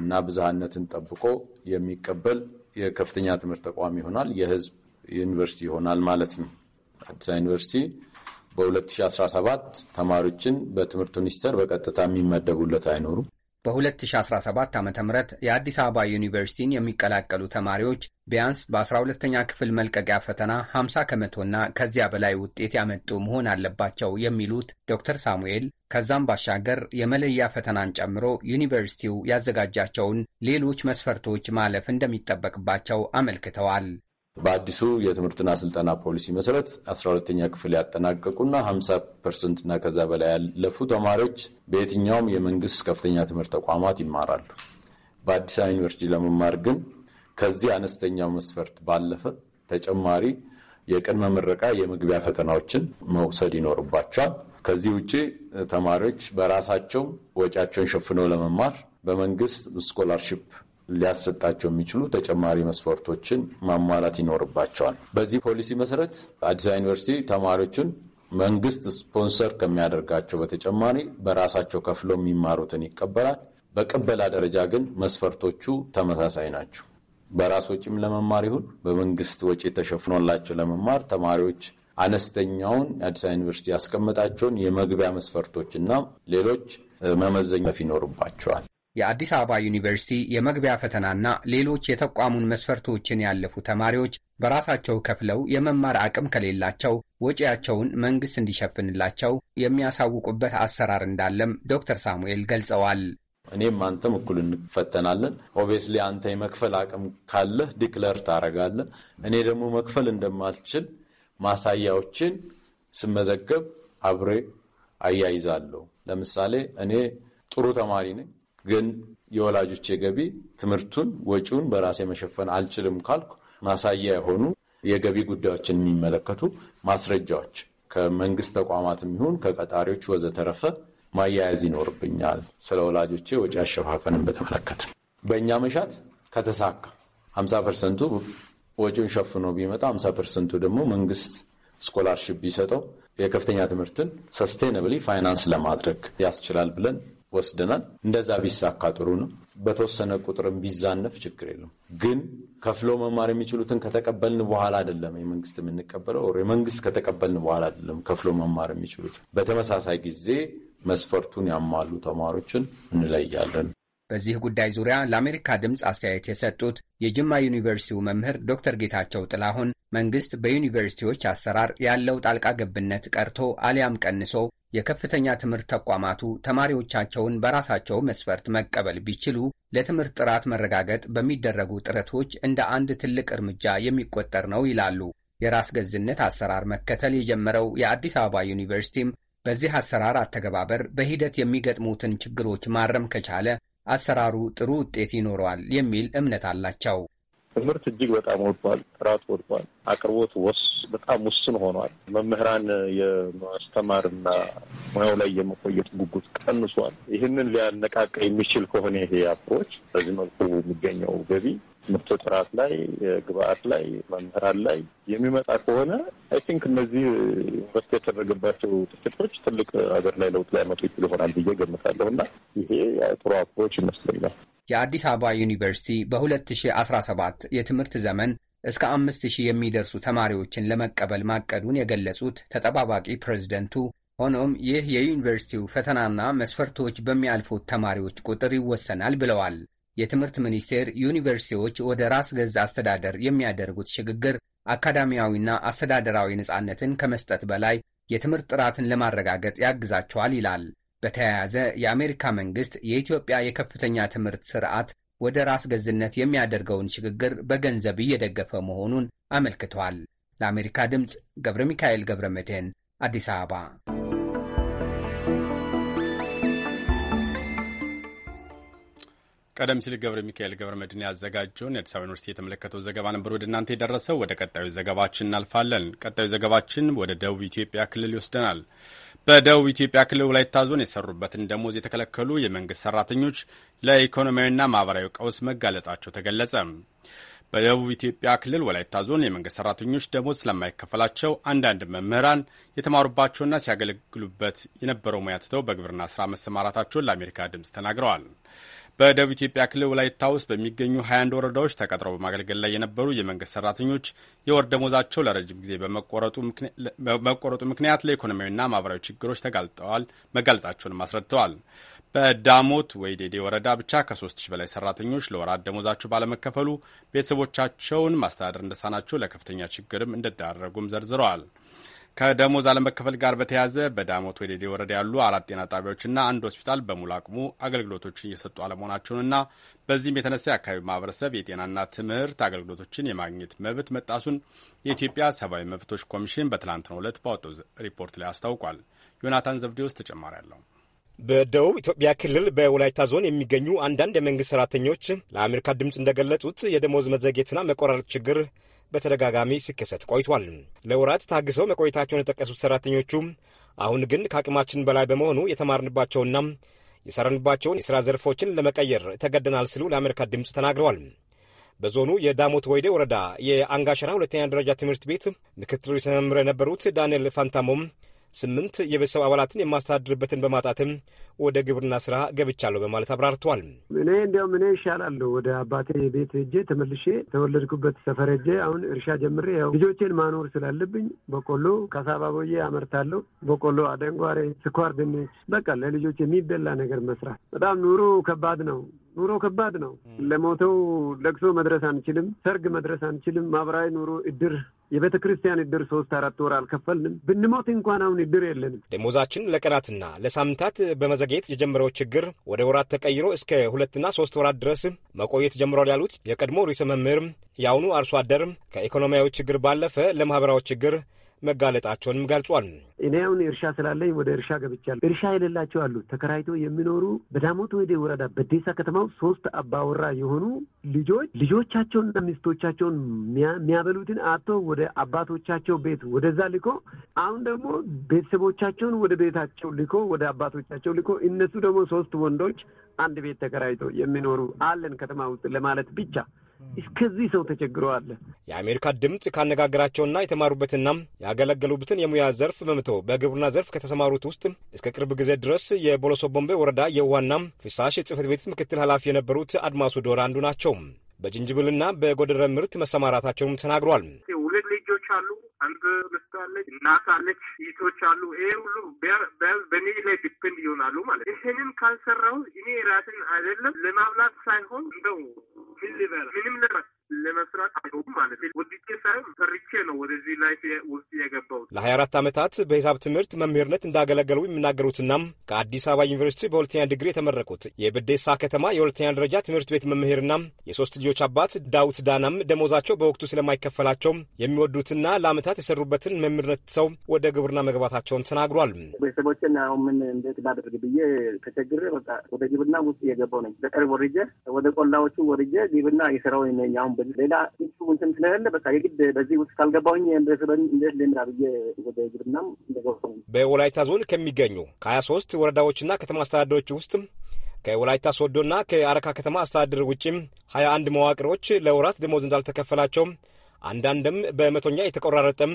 እና ብዝሃነትን ጠብቆ የሚቀበል የከፍተኛ ትምህርት ተቋም ይሆናል። የህዝብ ዩኒቨርሲቲ ይሆናል ማለት ነው። አዲስ አበባ ዩኒቨርሲቲ በ2017 ተማሪዎችን በትምህርት ሚኒስቴር በቀጥታ የሚመደቡለት አይኖሩም። በ2017 ዓ ም የአዲስ አበባ ዩኒቨርሲቲን የሚቀላቀሉ ተማሪዎች ቢያንስ በ12ተኛ ክፍል መልቀቂያ ፈተና 50 ከመቶና ከዚያ በላይ ውጤት ያመጡ መሆን አለባቸው የሚሉት ዶክተር ሳሙኤል ከዛም ባሻገር የመለያ ፈተናን ጨምሮ ዩኒቨርሲቲው ያዘጋጃቸውን ሌሎች መስፈርቶች ማለፍ እንደሚጠበቅባቸው አመልክተዋል። በአዲሱ የትምህርትና ስልጠና ፖሊሲ መሰረት 12ኛ ክፍል ያጠናቀቁና 50 ፐርሰንት ከዛ በላይ ያለፉ ተማሪዎች በየትኛውም የመንግስት ከፍተኛ ትምህርት ተቋማት ይማራሉ። በአዲስ አበባ ዩኒቨርሲቲ ለመማር ግን ከዚህ አነስተኛው መስፈርት ባለፈ ተጨማሪ የቅድመ ምረቃ የመግቢያ ፈተናዎችን መውሰድ ይኖርባቸዋል። ከዚህ ውጭ ተማሪዎች በራሳቸው ወጪያቸውን ሸፍነው ለመማር በመንግስት ስኮላርሽፕ ሊያሰጣቸው የሚችሉ ተጨማሪ መስፈርቶችን ማሟላት ይኖርባቸዋል። በዚህ ፖሊሲ መሰረት አዲስ አበባ ዩኒቨርሲቲ ተማሪዎችን መንግስት ስፖንሰር ከሚያደርጋቸው በተጨማሪ በራሳቸው ከፍለው የሚማሩትን ይቀበላል። በቅበላ ደረጃ ግን መስፈርቶቹ ተመሳሳይ ናቸው። በራስ ወጪም ለመማር ይሁን በመንግስት ወጪ ተሸፍኖላቸው ለመማር ተማሪዎች አነስተኛውን የአዲስ አበባ ዩኒቨርሲቲ ያስቀመጣቸውን የመግቢያ መስፈርቶች ሌሎች መመዘኛ ይኖርባቸዋል። የአዲስ አበባ ዩኒቨርሲቲ የመግቢያ ፈተናና ሌሎች የተቋሙን መስፈርቶችን ያለፉ ተማሪዎች በራሳቸው ከፍለው የመማር አቅም ከሌላቸው ወጪያቸውን መንግሥት እንዲሸፍንላቸው የሚያሳውቁበት አሰራር እንዳለም ዶክተር ሳሙኤል ገልጸዋል። እኔም አንተም እኩል እንፈተናለን። ኦብቪየስሊ አንተ የመክፈል አቅም ካለህ ዲክለር ታደርጋለህ። እኔ ደግሞ መክፈል እንደማልችል ማሳያዎችን ስመዘገብ አብሬ አያይዛለሁ። ለምሳሌ እኔ ጥሩ ተማሪ ነኝ ግን የወላጆች የገቢ ትምህርቱን፣ ወጪውን በራሴ መሸፈን አልችልም ካልኩ ማሳያ የሆኑ የገቢ ጉዳዮችን የሚመለከቱ ማስረጃዎች ከመንግስት ተቋማት ይሁን ከቀጣሪዎች ወዘተረፈ ማያያዝ ይኖርብኛል። ስለ ወላጆቼ ወጪ አሸፋፈንን በተመለከተ በእኛ መሻት ከተሳካ 50 ፐርሰንቱ ወጪውን ሸፍኖ ቢመጣ 50 ፐርሰንቱ ደግሞ መንግስት ስኮላርሽፕ ቢሰጠው የከፍተኛ ትምህርትን ሰስቴነብሊ ፋይናንስ ለማድረግ ያስችላል ብለን ወስደናል። እንደዛ ቢሳካ ጥሩ ነው። በተወሰነ ቁጥርም ቢዛነፍ ችግር የለም። ግን ከፍሎ መማር የሚችሉትን ከተቀበልን በኋላ አይደለም የመንግስት የምንቀበለው፣ የመንግስት ከተቀበልን በኋላ አይደለም ከፍሎ መማር የሚችሉት። በተመሳሳይ ጊዜ መስፈርቱን ያሟሉ ተማሪዎችን እንለያለን። በዚህ ጉዳይ ዙሪያ ለአሜሪካ ድምፅ አስተያየት የሰጡት የጅማ ዩኒቨርሲቲው መምህር ዶክተር ጌታቸው ጥላሁን መንግስት በዩኒቨርሲቲዎች አሰራር ያለው ጣልቃ ገብነት ቀርቶ አሊያም ቀንሶ የከፍተኛ ትምህርት ተቋማቱ ተማሪዎቻቸውን በራሳቸው መስፈርት መቀበል ቢችሉ ለትምህርት ጥራት መረጋገጥ በሚደረጉ ጥረቶች እንደ አንድ ትልቅ እርምጃ የሚቆጠር ነው ይላሉ። የራስ ገዝነት አሰራር መከተል የጀመረው የአዲስ አበባ ዩኒቨርሲቲም በዚህ አሰራር አተገባበር በሂደት የሚገጥሙትን ችግሮች ማረም ከቻለ አሰራሩ ጥሩ ውጤት ይኖረዋል የሚል እምነት አላቸው። ትምህርት እጅግ በጣም ወድቋል፣ ጥራት ወድቋል፣ አቅርቦት ወስ በጣም ውስን ሆኗል። መምህራን የማስተማርና ሙያው ላይ የመቆየት ጉጉት ቀንሷል። ይህንን ሊያነቃቃ የሚችል ከሆነ ይሄ አፕሮች በዚህ መልኩ የሚገኘው ገቢ ምርቶ ጥራት ላይ፣ ግብአት ላይ፣ መምህራን ላይ የሚመጣ ከሆነ አይ ቲንክ እነዚህ ኢንቨስት የተደረገባቸው ጥቂቶች ትልቅ ሀገር ላይ ለውጥ ላይ መጡ ይችል ይሆናል ብዬ ገምታለሁ እና ይሄ ጥሩ አፕሮች ይመስለኛል። የአዲስ አበባ ዩኒቨርሲቲ በ2017 የትምህርት ዘመን እስከ አምስት ሺህ የሚደርሱ ተማሪዎችን ለመቀበል ማቀዱን የገለጹት ተጠባባቂ ፕሬዝደንቱ፣ ሆኖም ይህ የዩኒቨርሲቲው ፈተናና መስፈርቶች በሚያልፉት ተማሪዎች ቁጥር ይወሰናል ብለዋል። የትምህርት ሚኒስቴር ዩኒቨርሲቲዎች ወደ ራስ ገዝ አስተዳደር የሚያደርጉት ሽግግር አካዳሚያዊና አስተዳደራዊ ነጻነትን ከመስጠት በላይ የትምህርት ጥራትን ለማረጋገጥ ያግዛቸዋል ይላል። በተያያዘ የአሜሪካ መንግሥት የኢትዮጵያ የከፍተኛ ትምህርት ሥርዓት ወደ ራስ ገዝነት የሚያደርገውን ሽግግር በገንዘብ እየደገፈ መሆኑን አመልክቷል። ለአሜሪካ ድምፅ ገብረ ሚካኤል ገብረ መድህን አዲስ አበባ ቀደም ሲል ገብረ ሚካኤል ገብረ መድን ያዘጋጀውን የአዲስ አበባ ዩኒቨርሲቲ የተመለከተው ዘገባ ነበር ወደ እናንተ የደረሰው። ወደ ቀጣዩ ዘገባችን እናልፋለን። ቀጣዩ ዘገባችን ወደ ደቡብ ኢትዮጵያ ክልል ይወስደናል። በደቡብ ኢትዮጵያ ክልል ወላይታ ዞን የሰሩበትን ደሞዝ የተከለከሉ የመንግስት ሰራተኞች ለኢኮኖሚያዊና ማህበራዊ ቀውስ መጋለጣቸው ተገለጸ። በደቡብ ኢትዮጵያ ክልል ወላይታ ዞን የመንግስት ሰራተኞች ደሞዝ ስለማይከፈላቸው አንዳንድ መምህራን የተማሩባቸውና ሲያገለግሉበት የነበረው ሙያ ትተው በግብርና ስራ መሰማራታቸውን ለአሜሪካ ድምፅ ተናግረዋል። በደቡብ ኢትዮጵያ ክልል ወላይታ ውስጥ በሚገኙ 21 ወረዳዎች ተቀጥረው በማገልገል ላይ የነበሩ የመንግስት ሰራተኞች የወር ደሞዛቸው ለረጅም ጊዜ በመቆረጡ ምክንያት ለኢኮኖሚያዊና ማህበራዊ ችግሮች ተጋልጠዋል መጋለጣቸውንም አስረድተዋል። በዳሞት ወይዴዴ ወረዳ ብቻ ከ3000 በላይ ሰራተኞች ለወራት ደሞዛቸው ባለመከፈሉ ቤተሰቦቻቸውን ማስተዳደር እንደሳናቸው ለከፍተኛ ችግርም እንደተዳረጉም ዘርዝረዋል። ከደሞዝ አለመከፈል ጋር በተያያዘ በዳሞት ወደዴ ወረዳ ያሉ አራት ጤና ጣቢያዎችና አንድ ሆስፒታል በሙሉ አቅሙ አገልግሎቶችን እየሰጡ አለመሆናቸውንና በዚህም የተነሳ የአካባቢው ማህበረሰብ የጤናና ትምህርት አገልግሎቶችን የማግኘት መብት መጣሱን የኢትዮጵያ ሰብአዊ መብቶች ኮሚሽን በትላንትናው ዕለት ባወጣው ሪፖርት ላይ አስታውቋል። ዮናታን ዘብዴዎስ ተጨማሪ አለው። በደቡብ ኢትዮጵያ ክልል በወላይታ ዞን የሚገኙ አንዳንድ የመንግስት ሰራተኞች ለአሜሪካ ድምፅ እንደገለጹት የደሞዝ መዘግየትና መቆራረጥ ችግር በተደጋጋሚ ሲከሰት ቆይቷል። ለወራት ታግሰው መቆየታቸውን የጠቀሱት ሰራተኞቹ አሁን ግን ከአቅማችን በላይ በመሆኑ የተማርንባቸውና የሰራንባቸውን የሥራ ዘርፎችን ለመቀየር ተገደናል ሲሉ ለአሜሪካ ድምፅ ተናግረዋል። በዞኑ የዳሞት ወይዴ ወረዳ የአንጋሸራ ሁለተኛ ደረጃ ትምህርት ቤት ምክትል ርዕሰ መምህር የነበሩት ዳንኤል ፋንታሞም ስምንት የቤተሰብ አባላትን የማስተዳድርበትን በማጣትም ወደ ግብርና ስራ ገብቻለሁ በማለት አብራርተዋል። እኔ እንዲያውም እኔ ይሻላለሁ ወደ አባቴ ቤት ሄጄ ተመልሼ ተወለድኩበት ሰፈር ሄጄ አሁን እርሻ ጀምሬ ያው ልጆቼን ማኖር ስላለብኝ በቆሎ ከሳባ ቦዬ አመርታለሁ። በቆሎ፣ አደንጓሬ፣ ስኳር ድንች በቃ ለልጆች የሚበላ ነገር መስራት። በጣም ኑሮ ከባድ ነው። ኑሮ ከባድ ነው። ለሞተው ለቅሶ መድረስ አንችልም። ሰርግ መድረስ አንችልም። ማህበራዊ ኑሮ እድር የቤተ ክርስቲያን እድር ሶስት አራት ወር አልከፈልንም። ብንሞት እንኳን አሁን እድር የለንም። ደሞዛችን ለቀናትና ለሳምንታት በመዘግየት የጀመረው ችግር ወደ ወራት ተቀይሮ እስከ ሁለትና ሶስት ወራት ድረስ መቆየት ጀምሯል ያሉት የቀድሞ ርዕሰ መምህር የአሁኑ አርሶ አደር ከኢኮኖሚያዊ ችግር ባለፈ ለማህበራዊ ችግር መጋለጣቸውንም ገልጿል። እኔ አሁን እርሻ ስላለኝ ወደ እርሻ ገብቻለሁ። እርሻ የሌላቸው አሉ ተከራይቶ የሚኖሩ በዳሞት ወደ ወረዳ በዴሳ ከተማው ሶስት አባወራ የሆኑ ልጆች ልጆቻቸውንና ሚስቶቻቸውን የሚያበሉትን አቶ ወደ አባቶቻቸው ቤት ወደዛ ልኮ አሁን ደግሞ ቤተሰቦቻቸውን ወደ ቤታቸው ልኮ ወደ አባቶቻቸው ልኮ እነሱ ደግሞ ሶስት ወንዶች አንድ ቤት ተከራይቶ የሚኖሩ አለን ከተማ ውስጥ ለማለት ብቻ እስከዚህ ሰው ተቸግረዋል። የአሜሪካ ድምፅ ካነጋገራቸውና የተማሩበትና ያገለገሉበትን የሙያ ዘርፍ በመተው በግብርና ዘርፍ ከተሰማሩት ውስጥ እስከ ቅርብ ጊዜ ድረስ የቦሎሶ ቦምቤ ወረዳ የውሃና ፍሳሽ ጽህፈት ቤት ምክትል ኃላፊ የነበሩት አድማሱ ዶር አንዱ ናቸው። በጅንጅብልና በጎደረ ምርት መሰማራታቸውም ተናግሯል። ሁለት ልጆች አሉ። አንድ ሚስት አለች፣ እናት አለች፣ ይቶች አሉ። ይሄ ሁሉ በእኔ ላይ ዲፔንድ ይሆናሉ ማለት ይህንን ካልሰራሁ እኔ ራሴን አይደለም ለማብላት ሳይሆን እንደው milli ver. Minimle bak. ለመስራት አይሆም ማለት ወዲቄ ሳይሆን ፈርቼ ነው ወደዚህ ላይ ውስጥ የገባሁት። ለሀያ አራት ዓመታት በሂሳብ ትምህርት መምህርነት እንዳገለገሉ የሚናገሩትና ከአዲስ አበባ ዩኒቨርሲቲ በሁለተኛ ዲግሪ የተመረቁት የብዴሳ ከተማ የሁለተኛ ደረጃ ትምህርት ቤት መምህርና የሶስት ልጆች አባት ዳዊት ዳናም ደሞዛቸው በወቅቱ ስለማይከፈላቸው የሚወዱትና ለአመታት የሰሩበትን መምህርነት ሰው ወደ ግብርና መግባታቸውን ተናግሯል። ቤተሰቦችን አሁን ምን እንዴት ላደርግ ብዬ ተቸግሬ በቃ ወደ ግብርና ውስጥ እየገባሁ ነኝ። በቀር ወርጄ ወደ ቆላዎቹ ወርጄ ግብርና የሰራው ነኝ ሳነብል ሌላ እሱ እንትን ስለሌለ በቃ የግድ በዚህ ውስጥ ካልገባሁኝ እንዴት ልምራ ብዬ ወደ ግብርናም እንደገባ በወላይታ ዞን ከሚገኙ ከሀያ ሶስት ወረዳዎችና ከተማ አስተዳደሮች ውስጥ ከወላይታ ሶዶና ከአረካ ከተማ አስተዳደር ውጪም ሀያ አንድ መዋቅሮች ለወራት ደሞዝ እንዳልተከፈላቸው አንዳንድም በመቶኛ የተቆራረጠም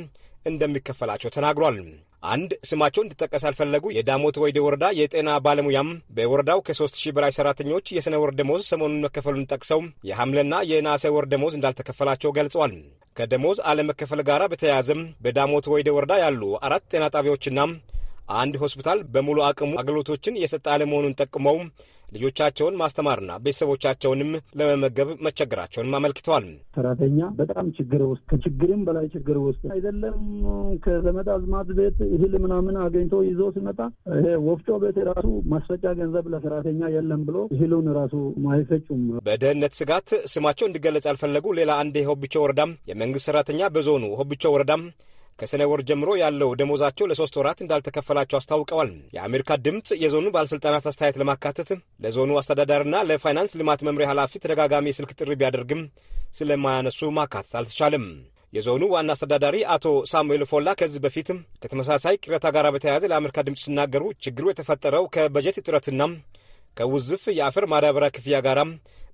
እንደሚከፈላቸው ተናግሯል። አንድ ስማቸው እንዲጠቀስ ያልፈለጉ የዳሞት ወይዴ ወረዳ የጤና ባለሙያም በወረዳው ከሶስት ሺህ በላይ ሰራተኞች የሥነ ወር ደሞዝ ሰሞኑን መከፈሉን ጠቅሰው የሐምሌና የነሐሴ ወር ደሞዝ እንዳልተከፈላቸው ገልጸዋል። ከደሞዝ አለመከፈል ጋር በተያያዘም በዳሞት ወይዴ ወረዳ ያሉ አራት ጤና ጣቢያዎችና አንድ ሆስፒታል በሙሉ አቅሙ አገልግሎቶችን የሰጠ አለመሆኑን ጠቅመው ልጆቻቸውን ማስተማርና ቤተሰቦቻቸውንም ለመመገብ መቸገራቸውንም አመልክተዋል። ሰራተኛ በጣም ችግር ውስጥ ከችግርም በላይ ችግር ውስጥ አይደለም። ከዘመድ አዝማድ ቤት እህል ምናምን አገኝቶ ይዞ ሲመጣ ይሄ ወፍጮ ቤት ራሱ ማስፈጫ ገንዘብ ለሰራተኛ የለም ብሎ እህሉን ራሱ አይፈጩም። በደህንነት ስጋት ስማቸው እንዲገለጽ ያልፈለጉ ሌላ አንድ የሆብቾ ወረዳም የመንግስት ሰራተኛ በዞኑ ሆብቾ ወረዳም ከሰኔ ወር ጀምሮ ያለው ደሞዛቸው ለሶስት ወራት እንዳልተከፈላቸው አስታውቀዋል። የአሜሪካ ድምፅ የዞኑ ባለሥልጣናት አስተያየት ለማካተት ለዞኑ አስተዳዳሪና ለፋይናንስ ልማት መምሪያ ኃላፊ ተደጋጋሚ የስልክ ጥሪ ቢያደርግም ስለማያነሱ ማካተት አልተቻለም። የዞኑ ዋና አስተዳዳሪ አቶ ሳሙኤል ፎላ ከዚህ በፊት ከተመሳሳይ ቅሬታ ጋር በተያያዘ ለአሜሪካ ድምፅ ሲናገሩ ችግሩ የተፈጠረው ከበጀት እጥረትና ከውዝፍ የአፈር ማዳበሪያ ክፍያ ጋር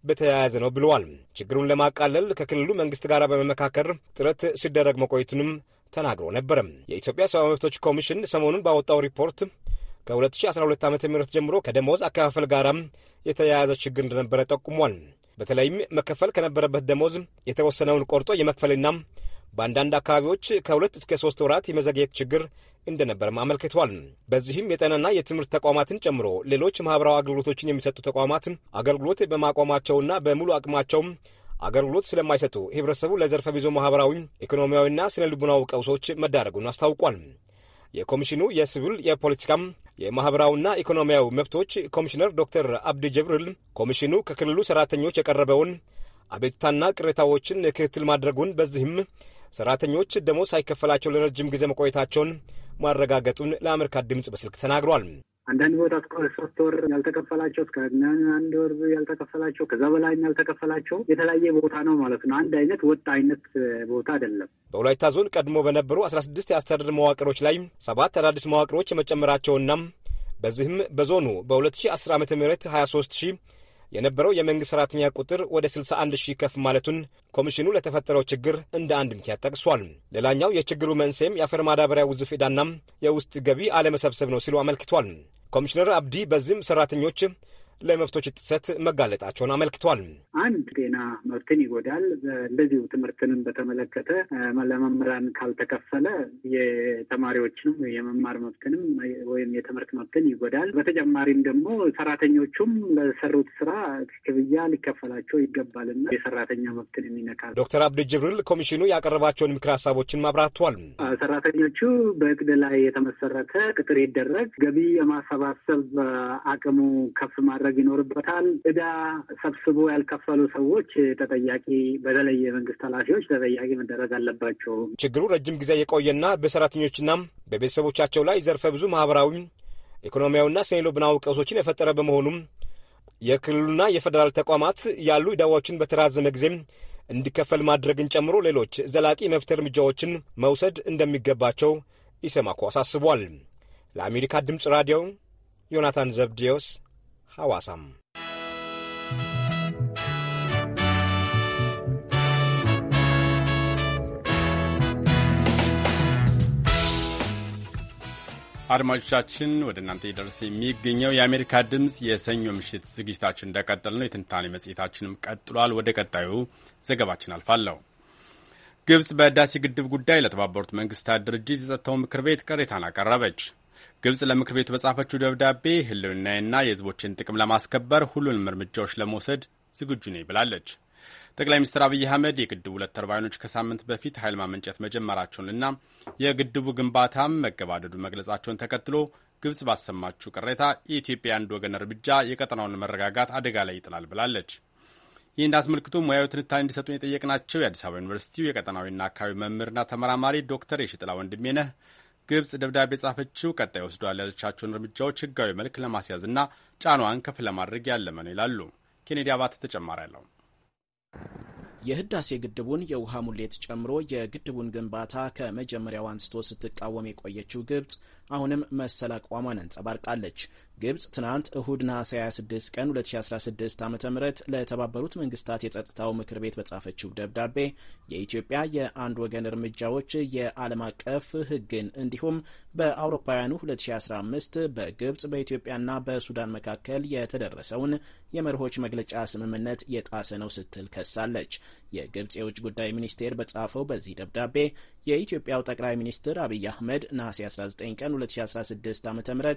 በተያያዘ ነው ብለዋል። ችግሩን ለማቃለል ከክልሉ መንግስት ጋር በመመካከር ጥረት ሲደረግ መቆየቱንም ተናግሮ ነበር። የኢትዮጵያ ሰብአዊ መብቶች ኮሚሽን ሰሞኑን ባወጣው ሪፖርት ከ2012 ዓ ም ጀምሮ ከደሞዝ አከፋፈል ጋር የተያያዘ ችግር እንደነበረ ጠቁሟል። በተለይም መከፈል ከነበረበት ደሞዝ የተወሰነውን ቆርጦ የመክፈልና በአንዳንድ አካባቢዎች ከሁለት እስከ ሶስት ወራት የመዘግየት ችግር እንደነበርም አመልክቷል። በዚህም የጤናና የትምህርት ተቋማትን ጨምሮ ሌሎች ማኅበራዊ አገልግሎቶችን የሚሰጡ ተቋማት አገልግሎት በማቋማቸውና በሙሉ አቅማቸውም አገልግሎት ስለማይሰጡ ህብረተሰቡ ለዘርፈ ብዙ ማህበራዊ፣ ኢኮኖሚያዊና ስነ ልቡናዊ ቀውሶች መዳረጉን አስታውቋል። የኮሚሽኑ የሲቪል የፖለቲካም የማኅበራዊና ኢኮኖሚያዊ መብቶች ኮሚሽነር ዶክተር አብዲ ጀብሪል ኮሚሽኑ ከክልሉ ሠራተኞች የቀረበውን አቤቱታና ቅሬታዎችን ክትትል ማድረጉን በዚህም ሠራተኞች ደሞዝ ሳይከፈላቸው ለረጅም ጊዜ መቆየታቸውን ማረጋገጡን ለአሜሪካ ድምፅ በስልክ ተናግሯል። አንዳንድ ቦታ እስከ ሶስት ወር ያልተከፈላቸው እስከ አንድ ወር ያልተከፈላቸው ከዛ በላይ ያልተከፈላቸው የተለያየ ቦታ ነው ማለት ነው። አንድ አይነት ወጥ አይነት ቦታ አይደለም። በወላይታ ዞን ቀድሞ በነበሩ አስራ ስድስት የአስተዳደር መዋቅሮች ላይ ሰባት አዳዲስ መዋቅሮች የመጨመራቸውና በዚህም በዞኑ በ2010 ዓ ም 23 ሺህ የነበረው የመንግሥት ሠራተኛ ቁጥር ወደ 61 ሺህ ከፍ ማለቱን ኮሚሽኑ ለተፈጠረው ችግር እንደ አንድ ምክንያት ጠቅሷል። ሌላኛው የችግሩ መንስኤም የአፈር ማዳበሪያ ውዝፍ ዕዳና የውስጥ ገቢ አለመሰብሰብ ነው ሲሉ አመልክቷል። ኮሚሽነር አብዲ በዚህም ሰራተኞች ለመብቶች ጥሰት መጋለጣቸውን አመልክቷል። አንድ ጤና መብትን ይጎዳል። እንደዚሁ ትምህርትንም በተመለከተ ለመምህራን ካልተከፈለ የተማሪዎችንም የመማር መብትንም ወይም የትምህርት መብትን ይጎዳል። በተጨማሪም ደግሞ ሰራተኞቹም ለሰሩት ስራ ክፍያ ሊከፈላቸው ይገባልና የሰራተኛ መብትን የሚነካ ዶክተር አብድ ጅብሪል ኮሚሽኑ ያቀረባቸውን ምክር ሀሳቦችን ማብራቷል። ሰራተኞቹ በእቅድ ላይ የተመሰረተ ቅጥር ይደረግ፣ ገቢ የማሰባሰብ አቅሙ ከፍ ማድረግ ማድረግ ይኖርበታል። እዳ ሰብስቦ ያልከፈሉ ሰዎች ተጠያቂ፣ በተለይ የመንግስት ኃላፊዎች ተጠያቂ መደረግ አለባቸው። ችግሩ ረጅም ጊዜ የቆየና በሰራተኞችና በቤተሰቦቻቸው ላይ ዘርፈ ብዙ ማህበራዊ፣ ኢኮኖሚያዊና ስነ ልቦናዊ ቀውሶችን የፈጠረ በመሆኑም የክልሉና የፌዴራል ተቋማት ያሉ እዳዎችን በተራዘመ ጊዜም እንዲከፈል ማድረግን ጨምሮ ሌሎች ዘላቂ መፍትሄ እርምጃዎችን መውሰድ እንደሚገባቸው ኢሰማኮ አሳስቧል። ለአሜሪካ ድምፅ ራዲዮ ዮናታን ዘብዲዮስ ሐዋሳም አድማጮቻችን ወደ እናንተ እየደረሰ የሚገኘው የአሜሪካ ድምፅ የሰኞ ምሽት ዝግጅታችን እንደቀጠል ነው። የትንታኔ መጽሔታችንም ቀጥሏል። ወደ ቀጣዩ ዘገባችን አልፋለሁ። ግብጽ በህዳሴ ግድብ ጉዳይ ለተባበሩት መንግስታት ድርጅት የጸጥታው ምክር ቤት ቅሬታን አቀረበች። ግብጽ ለምክር ቤቱ በጻፈችው ደብዳቤ ህልውናዬና የህዝቦችን ጥቅም ለማስከበር ሁሉንም እርምጃዎች ለመውሰድ ዝግጁ ነኝ ብላለች። ጠቅላይ ሚኒስትር አብይ አህመድ የግድቡ ሁለት ተርባይኖች ከሳምንት በፊት ኃይል ማመንጨት መጀመራቸውንና የግድቡ ግንባታም መገባደዱ መግለጻቸውን ተከትሎ ግብጽ ባሰማችው ቅሬታ የኢትዮጵያ አንድ ወገን እርምጃ የቀጠናውን መረጋጋት አደጋ ላይ ይጥላል ብላለች። ይህ እንዳስመልክቶ ሙያዊ ትንታኔ እንዲሰጡን የጠየቅናቸው የአዲስ አበባ ዩኒቨርሲቲው የቀጠናዊና አካባቢ መምህርና ተመራማሪ ዶክተር የሽጥላ ወንድሜነህ ግብጽ ደብዳቤ የጻፈችው ቀጣይ ወስዷል ያለቻቸውን እርምጃዎች ህጋዊ መልክ ለማስያዝና ጫኗን ከፍ ለማድረግ ያለመ ነው ይላሉ። ኬኔዲ አባተ ተጨማሪ አለው። የህዳሴ ግድቡን የውሃ ሙሌት ጨምሮ የግድቡን ግንባታ ከመጀመሪያው አንስቶ ስትቃወም የቆየችው ግብጽ አሁንም መሰል አቋሟን አንጸባርቃለች። ግብጽ ትናንት እሁድ ነሐሴ 26 ቀን 2016 ዓ ም ለተባበሩት መንግስታት የጸጥታው ምክር ቤት በጻፈችው ደብዳቤ የኢትዮጵያ የአንድ ወገን እርምጃዎች የዓለም አቀፍ ሕግን እንዲሁም በአውሮፓውያኑ 2015 በግብጽ በኢትዮጵያና በሱዳን መካከል የተደረሰውን የመርሆች መግለጫ ስምምነት የጣሰ ነው ስትል ከሳለች። የግብጽ የውጭ ጉዳይ ሚኒስቴር በጻፈው በዚህ ደብዳቤ የኢትዮጵያው ጠቅላይ ሚኒስትር አብይ አህመድ ነሐሴ 19 ቀን 2016 ዓ ም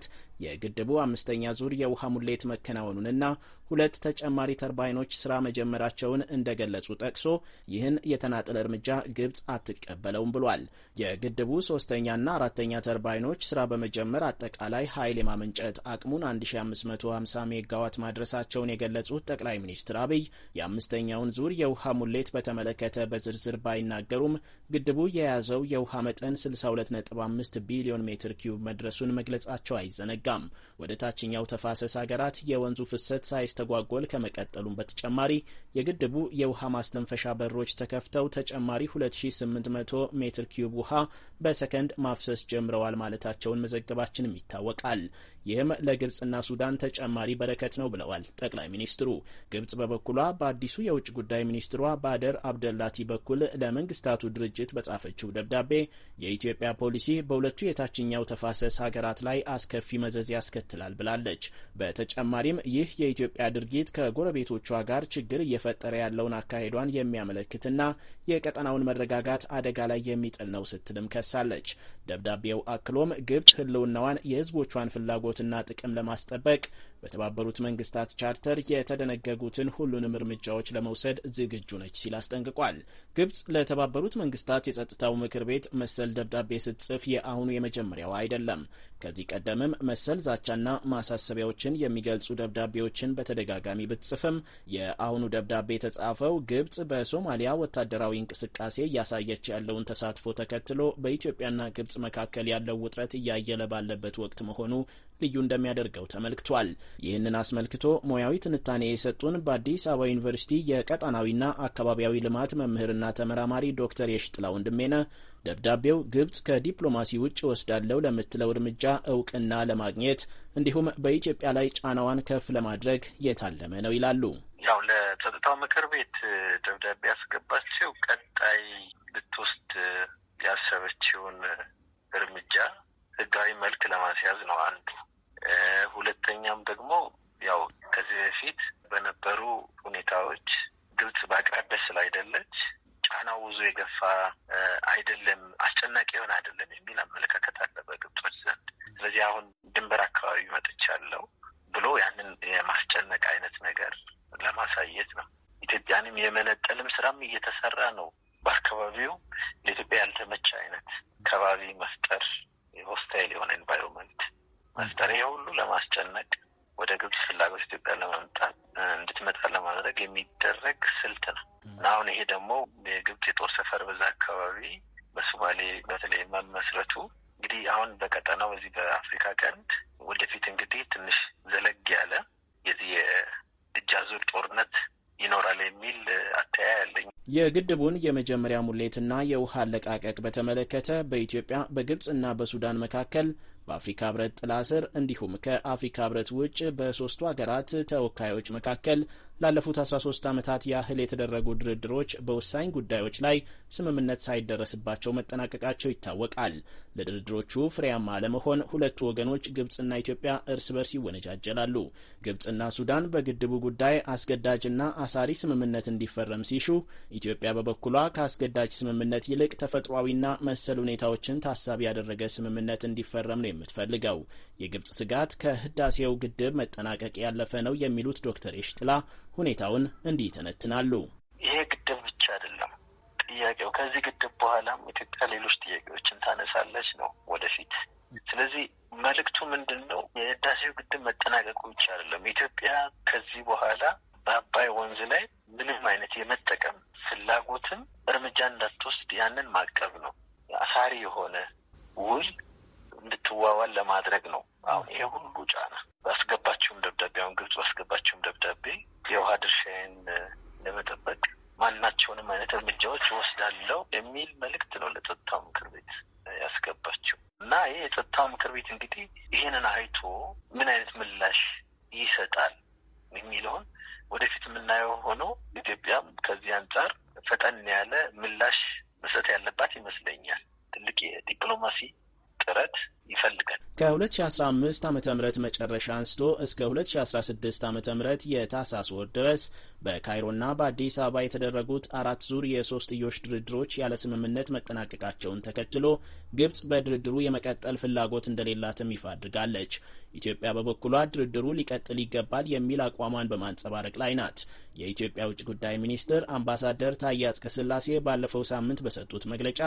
የግድቡ አምስተኛ ዙር የውሃ ሙሌት መከናወኑንና ሁለት ተጨማሪ ተርባይኖች ስራ መጀመራቸውን እንደገለጹ ጠቅሶ ይህን የተናጠል እርምጃ ግብጽ አትቀበለውም ብሏል። የግድቡ ሶስተኛና አራተኛ ተርባይኖች ስራ በመጀመር አጠቃላይ ኃይል የማመንጨት አቅሙን 1550 ሜጋዋት ማድረሳቸውን የገለጹት ጠቅላይ ሚኒስትር አብይ የአምስተኛውን ዙር የውሃ ሙሌት በተመለከተ በዝርዝር ባይናገሩም ግድቡ የያ የያዘው የውሃ መጠን 625 ቢሊዮን ሜትር ኪዩብ መድረሱን መግለጻቸው አይዘነጋም። ወደ ታችኛው ተፋሰስ ሀገራት የወንዙ ፍሰት ሳይስተጓጎል ከመቀጠሉም በተጨማሪ የግድቡ የውሃ ማስተንፈሻ በሮች ተከፍተው ተጨማሪ 2800 ሜትር ኪዩብ ውሃ በሰከንድ ማፍሰስ ጀምረዋል ማለታቸውን መዘገባችንም ይታወቃል። ይህም ለግብጽና ሱዳን ተጨማሪ በረከት ነው ብለዋል ጠቅላይ ሚኒስትሩ። ግብጽ በበኩሏ በአዲሱ የውጭ ጉዳይ ሚኒስትሯ ባደር አብደላቲ በኩል ለመንግስታቱ ድርጅት በጻፈችው በላከችው ደብዳቤ የኢትዮጵያ ፖሊሲ በሁለቱ የታችኛው ተፋሰስ ሀገራት ላይ አስከፊ መዘዝ ያስከትላል ብላለች። በተጨማሪም ይህ የኢትዮጵያ ድርጊት ከጎረቤቶቿ ጋር ችግር እየፈጠረ ያለውን አካሄዷን የሚያመለክትና የቀጠናውን መረጋጋት አደጋ ላይ የሚጥል ነው ስትልም ከሳለች። ደብዳቤው አክሎም ግብጽ ህልውናዋን የህዝቦቿን ፍላጎትና ጥቅም ለማስጠበቅ በተባበሩት መንግስታት ቻርተር የተደነገጉትን ሁሉንም እርምጃዎች ለመውሰድ ዝግጁ ነች ሲል አስጠንቅቋል። ግብጽ ለተባበሩት መንግስታት የጸጥታው ምክር ቤት መሰል ደብዳቤ ስትጽፍ የአሁኑ የመጀመሪያው አይደለም። ከዚህ ቀደምም መሰል ዛቻና ማሳሰቢያዎችን የሚገልጹ ደብዳቤዎችን በተደጋጋሚ ብትጽፍም የአሁኑ ደብዳቤ የተጻፈው ግብጽ በሶማሊያ ወታደራዊ እንቅስቃሴ እያሳየች ያለውን ተሳትፎ ተከትሎ በኢትዮጵያና ግብጽ መካከል ያለው ውጥረት እያየለ ባለበት ወቅት መሆኑ ልዩ እንደሚያደርገው ተመልክቷል። ይህንን አስመልክቶ ሙያዊ ትንታኔ የሰጡን በአዲስ አበባ ዩኒቨርሲቲ የቀጣናዊና አካባቢያዊ ልማት መምህርና ተመራማሪ ዶክተር የሽጥላ ወንድሜነ ደብዳቤው ግብጽ ከዲፕሎማሲ ውጭ ወስዳለው ለምትለው እርምጃ እውቅና ለማግኘት እንዲሁም በኢትዮጵያ ላይ ጫናዋን ከፍ ለማድረግ የታለመ ነው ይላሉ። ያው ለጸጥታው ምክር ቤት ደብዳቤ ያስገባችው ቀጣይ ልትወስድ ያሰበችውን እርምጃ ህጋዊ መልክ ለማስያዝ ነው አንዱ። ሁለተኛም ደግሞ ያው ከዚህ በፊት በነበሩ ሁኔታዎች ግብጽ በአቅራቢያ ስላይደለች ጫናው ብዙ የገፋ አይደለም፣ አስጨናቂ የሆነ አይደለም የሚል አመለካከት አለ በግብጾች ዘንድ። ስለዚህ አሁን ድንበር አካባቢ መጥቻለሁ ብሎ ያንን የማስጨነቅ አይነት ነገር ለማሳየት ነው። ኢትዮጵያንም የመነጠልም ስራም እየተሰራ ነው። በአካባቢው ለኢትዮጵያ ያልተመቸ አይነት ከባቢ መፍጠር፣ ሆስታይል የሆነ ኤንቫይሮንመንት መፍጠር፣ ይሄ ሁሉ ለማስጨነቅ ወደ ግብጽ ፍላጎት ኢትዮጵያ ለመምጣት እንድትመጣ ለማድረግ የሚደረግ ስልት ነው እና አሁን ይሄ ደግሞ የግብጽ የጦር ሰፈር በዛ አካባቢ በሶማሌ በተለይ መመስረቱ እንግዲህ አሁን በቀጠናው በዚህ በአፍሪካ ቀንድ ወደፊት እንግዲህ ትንሽ ዘለግ ያለ የዚህ የእጅ አዙር ጦርነት ይኖራል የሚል አተያይ ያለኝ። የግድቡን የመጀመሪያ ሙሌትና የውሃ አለቃቀቅ በተመለከተ በኢትዮጵያ በግብጽና በሱዳን መካከል በአፍሪካ ህብረት ጥላ ስር እንዲሁም ከአፍሪካ ህብረት ውጭ በሶስቱ ሀገራት ተወካዮች መካከል ላለፉት 13 ዓመታት ያህል የተደረጉ ድርድሮች በወሳኝ ጉዳዮች ላይ ስምምነት ሳይደረስባቸው መጠናቀቃቸው ይታወቃል። ለድርድሮቹ ፍሬያማ ለመሆን ሁለቱ ወገኖች ግብጽና ኢትዮጵያ እርስ በርስ ይወነጃጀላሉ። ግብጽና ሱዳን በግድቡ ጉዳይ አስገዳጅና አሳሪ ስምምነት እንዲፈረም ሲሹ፣ ኢትዮጵያ በበኩሏ ከአስገዳጅ ስምምነት ይልቅ ተፈጥሯዊና መሰል ሁኔታዎችን ታሳቢ ያደረገ ስምምነት እንዲፈረም ነው የምትፈልገው። የግብጽ ስጋት ከህዳሴው ግድብ መጠናቀቅ ያለፈ ነው የሚሉት ዶክተር ኤሽጥላ ሁኔታውን እንዲህ ይተነትናሉ። ይሄ ግድብ ብቻ አይደለም ጥያቄው። ከዚህ ግድብ በኋላም ኢትዮጵያ ሌሎች ጥያቄዎችን ታነሳለች ነው ወደፊት። ስለዚህ መልእክቱ ምንድን ነው? የህዳሴው ግድብ መጠናቀቁ ብቻ አይደለም። ኢትዮጵያ ከዚህ በኋላ በአባይ ወንዝ ላይ ምንም አይነት የመጠቀም ፍላጎትም እርምጃ እንዳትወስድ ያንን ማቀብ ነው። አሳሪ የሆነ ውል እንድትዋዋል ለማድረግ ነው አሁን ይሄ ሁሉ ጫና ባስገባችሁም ደብዳቤ አሁን ግብጽ ባስገባችሁም ደብዳቤ የውሃ ድርሻዬን ለመጠበቅ ማናቸውንም አይነት እርምጃዎች ይወስዳለው የሚል መልእክት ነው ለጸጥታው ምክር ቤት ያስገባችው እና ይህ የጸጥታው ምክር ቤት እንግዲህ ይሄንን አይቶ ምን አይነት ምላሽ ይሰጣል የሚለውን ወደፊት የምናየው ሆኖ ኢትዮጵያም ከዚህ አንጻር ፈጠን ያለ ምላሽ መስጠት ያለባት ይመስለኛል። ትልቅ የዲፕሎማሲ ጥረት ይፈልጋል። ከ2015 ዓ ም መጨረሻ አንስቶ እስከ 2016 ዓ ም የታህሳስ ወር ድረስ በካይሮና በአዲስ አበባ የተደረጉት አራት ዙር የሶስትዮሽ ድርድሮች ያለ ስምምነት መጠናቀቃቸውን ተከትሎ ግብጽ በድርድሩ የመቀጠል ፍላጎት እንደሌላትም ይፋ አድርጋለች። ኢትዮጵያ በበኩሏ ድርድሩ ሊቀጥል ይገባል የሚል አቋሟን በማንጸባረቅ ላይ ናት። የኢትዮጵያ ውጭ ጉዳይ ሚኒስትር አምባሳደር ታዬ አጽቀሥላሴ ባለፈው ሳምንት በሰጡት መግለጫ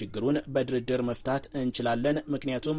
ችግሩን በድርድር መፍታት እንችላለን፣ ምክንያቱም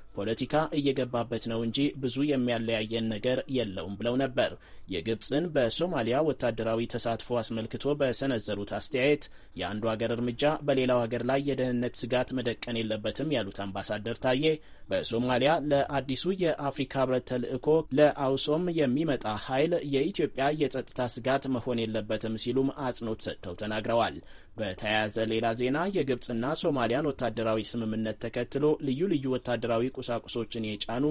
ፖለቲካ እየገባበት ነው እንጂ ብዙ የሚያለያየን ነገር የለውም ብለው ነበር። የግብፅን በሶማሊያ ወታደራዊ ተሳትፎ አስመልክቶ በሰነዘሩት አስተያየት የአንዱ ሀገር እርምጃ በሌላው ሀገር ላይ የደህንነት ስጋት መደቀን የለበትም ያሉት አምባሳደር ታዬ በሶማሊያ ለአዲሱ የአፍሪካ ህብረት ተልዕኮ ለአውሶም የሚመጣ ኃይል የኢትዮጵያ የጸጥታ ስጋት መሆን የለበትም ሲሉም አጽንኦት ሰጥተው ተናግረዋል። በተያያዘ ሌላ ዜና የግብፅና ሶማሊያን ወታደራዊ ስምምነት ተከትሎ ልዩ ልዩ ወታደራዊ ቁሳቁሶችን የጫኑ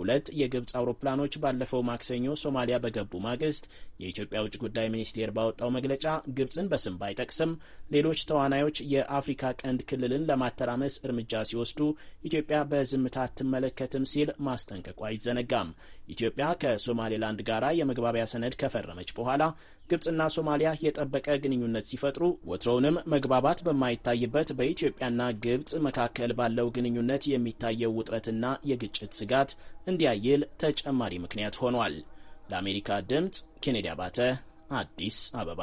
ሁለት የግብፅ አውሮፕላኖች ባለፈው ማክሰኞ ሶማሊያ በገቡ ማግስት የኢትዮጵያ ውጭ ጉዳይ ሚኒስቴር ባወጣው መግለጫ ግብፅን በስም ባይጠቅስም ሌሎች ተዋናዮች የአፍሪካ ቀንድ ክልልን ለማተራመስ እርምጃ ሲወስዱ ኢትዮጵያ በዝምታ አትመለከትም ሲል ማስጠንቀቁ አይዘነጋም። ኢትዮጵያ ከሶማሌላንድ ጋር የመግባቢያ ሰነድ ከፈረመች በኋላ ግብጽና ሶማሊያ የጠበቀ ግንኙነት ሲፈጥሩ ወትሮውንም መግባባት በማይታይበት በኢትዮጵያና ግብጽ መካከል ባለው ግንኙነት የሚታየው ውጥረትና የግጭት ስጋት እንዲያይል ተጨማሪ ምክንያት ሆኗል። ለአሜሪካ ድምፅ ኬኔዲ አባተ አዲስ አበባ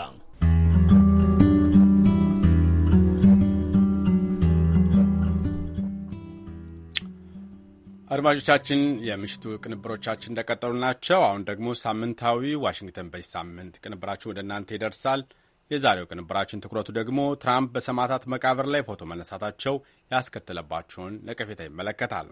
አድማጮቻችን የምሽቱ ቅንብሮቻችን እንደቀጠሉ ናቸው። አሁን ደግሞ ሳምንታዊ ዋሽንግተን በዚህ ሳምንት ቅንብራችን ወደ እናንተ ይደርሳል። የዛሬው ቅንብራችን ትኩረቱ ደግሞ ትራምፕ በሰማዕታት መቃብር ላይ ፎቶ መነሳታቸው ያስከተለባቸውን ነቀፌታ ይመለከታል።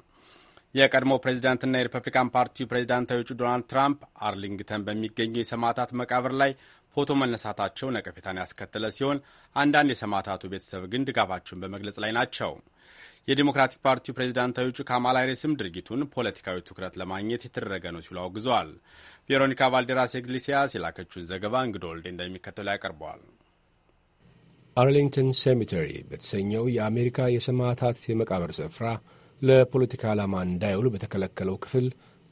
የቀድሞ ፕሬዚዳንትና የሪፐብሊካን ፓርቲው ፕሬዚዳንታዊ እጩ ዶናልድ ትራምፕ አርሊንግተን በሚገኘው የሰማዕታት መቃብር ላይ ፎቶ መነሳታቸው ነቀፌታን ያስከተለ ሲሆን አንዳንድ የሰማዕታቱ ቤተሰብ ግን ድጋፋቸውን በመግለጽ ላይ ናቸው። የዲሞክራቲክ ፓርቲው ፕሬዚዳንታዊ እጩ ካማላ ሃሪስም ድርጊቱን ፖለቲካዊ ትኩረት ለማግኘት የተደረገ ነው ሲሉ አውግዘዋል። ቬሮኒካ ቫልዴራስ ኤግሊሲያስ የላከችውን ዘገባ እንግዶ ወልዴ እንደሚከተሉ ያቀርበዋል። አርሊንግተን ሴሚተሪ በተሰኘው የአሜሪካ የሰማዕታት የመቃብር ስፍራ ለፖለቲካ ዓላማ እንዳይውል በተከለከለው ክፍል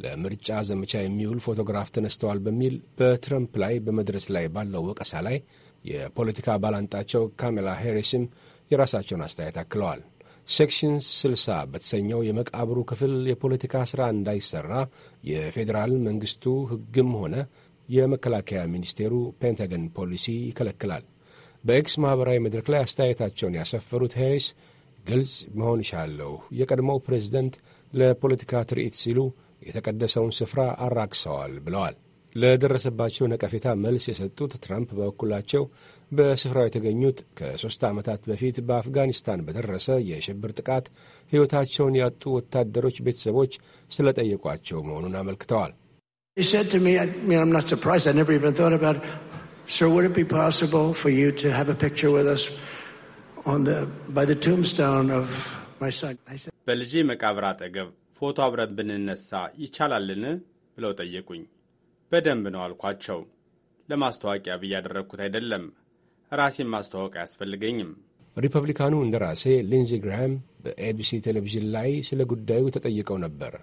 ለምርጫ ዘመቻ የሚውል ፎቶግራፍ ተነስተዋል በሚል በትረምፕ ላይ በመድረስ ላይ ባለው ወቀሳ ላይ የፖለቲካ ባላንጣቸው ካሜላ ሄሪስም የራሳቸውን አስተያየት አክለዋል። ሴክሽን 60 በተሰኘው የመቃብሩ ክፍል የፖለቲካ ሥራ እንዳይሠራ የፌዴራል መንግሥቱ ሕግም ሆነ የመከላከያ ሚኒስቴሩ ፔንታገን ፖሊሲ ይከለክላል። በኤክስ ማኅበራዊ መድረክ ላይ አስተያየታቸውን ያሰፈሩት ሄሪስ ግልጽ መሆን ይሻለሁ። የቀድሞው ፕሬዝደንት ለፖለቲካ ትርኢት ሲሉ የተቀደሰውን ስፍራ አራክሰዋል ብለዋል። ለደረሰባቸው ነቀፌታ መልስ የሰጡት ትራምፕ በበኩላቸው በስፍራው የተገኙት ከሦስት ዓመታት በፊት በአፍጋኒስታን በደረሰ የሽብር ጥቃት ሕይወታቸውን ያጡ ወታደሮች ቤተሰቦች ስለጠየቋቸው መሆኑን አመልክተዋል። በልጄ መቃብር አጠገብ ፎቶ አብረን ብንነሳ ይቻላልን ብለው ጠየቁኝ። በደንብ ነው አልኳቸው። ለማስታወቂያ ብዬ ያደረግኩት አይደለም። ራሴን ማስተዋወቅ አያስፈልገኝም። ሪፐብሊካኑ እንደራሴ ሊንዚ ግራሃም በኤቢሲ ቴሌቪዥን ላይ ስለ ጉዳዩ ተጠይቀው ነበር።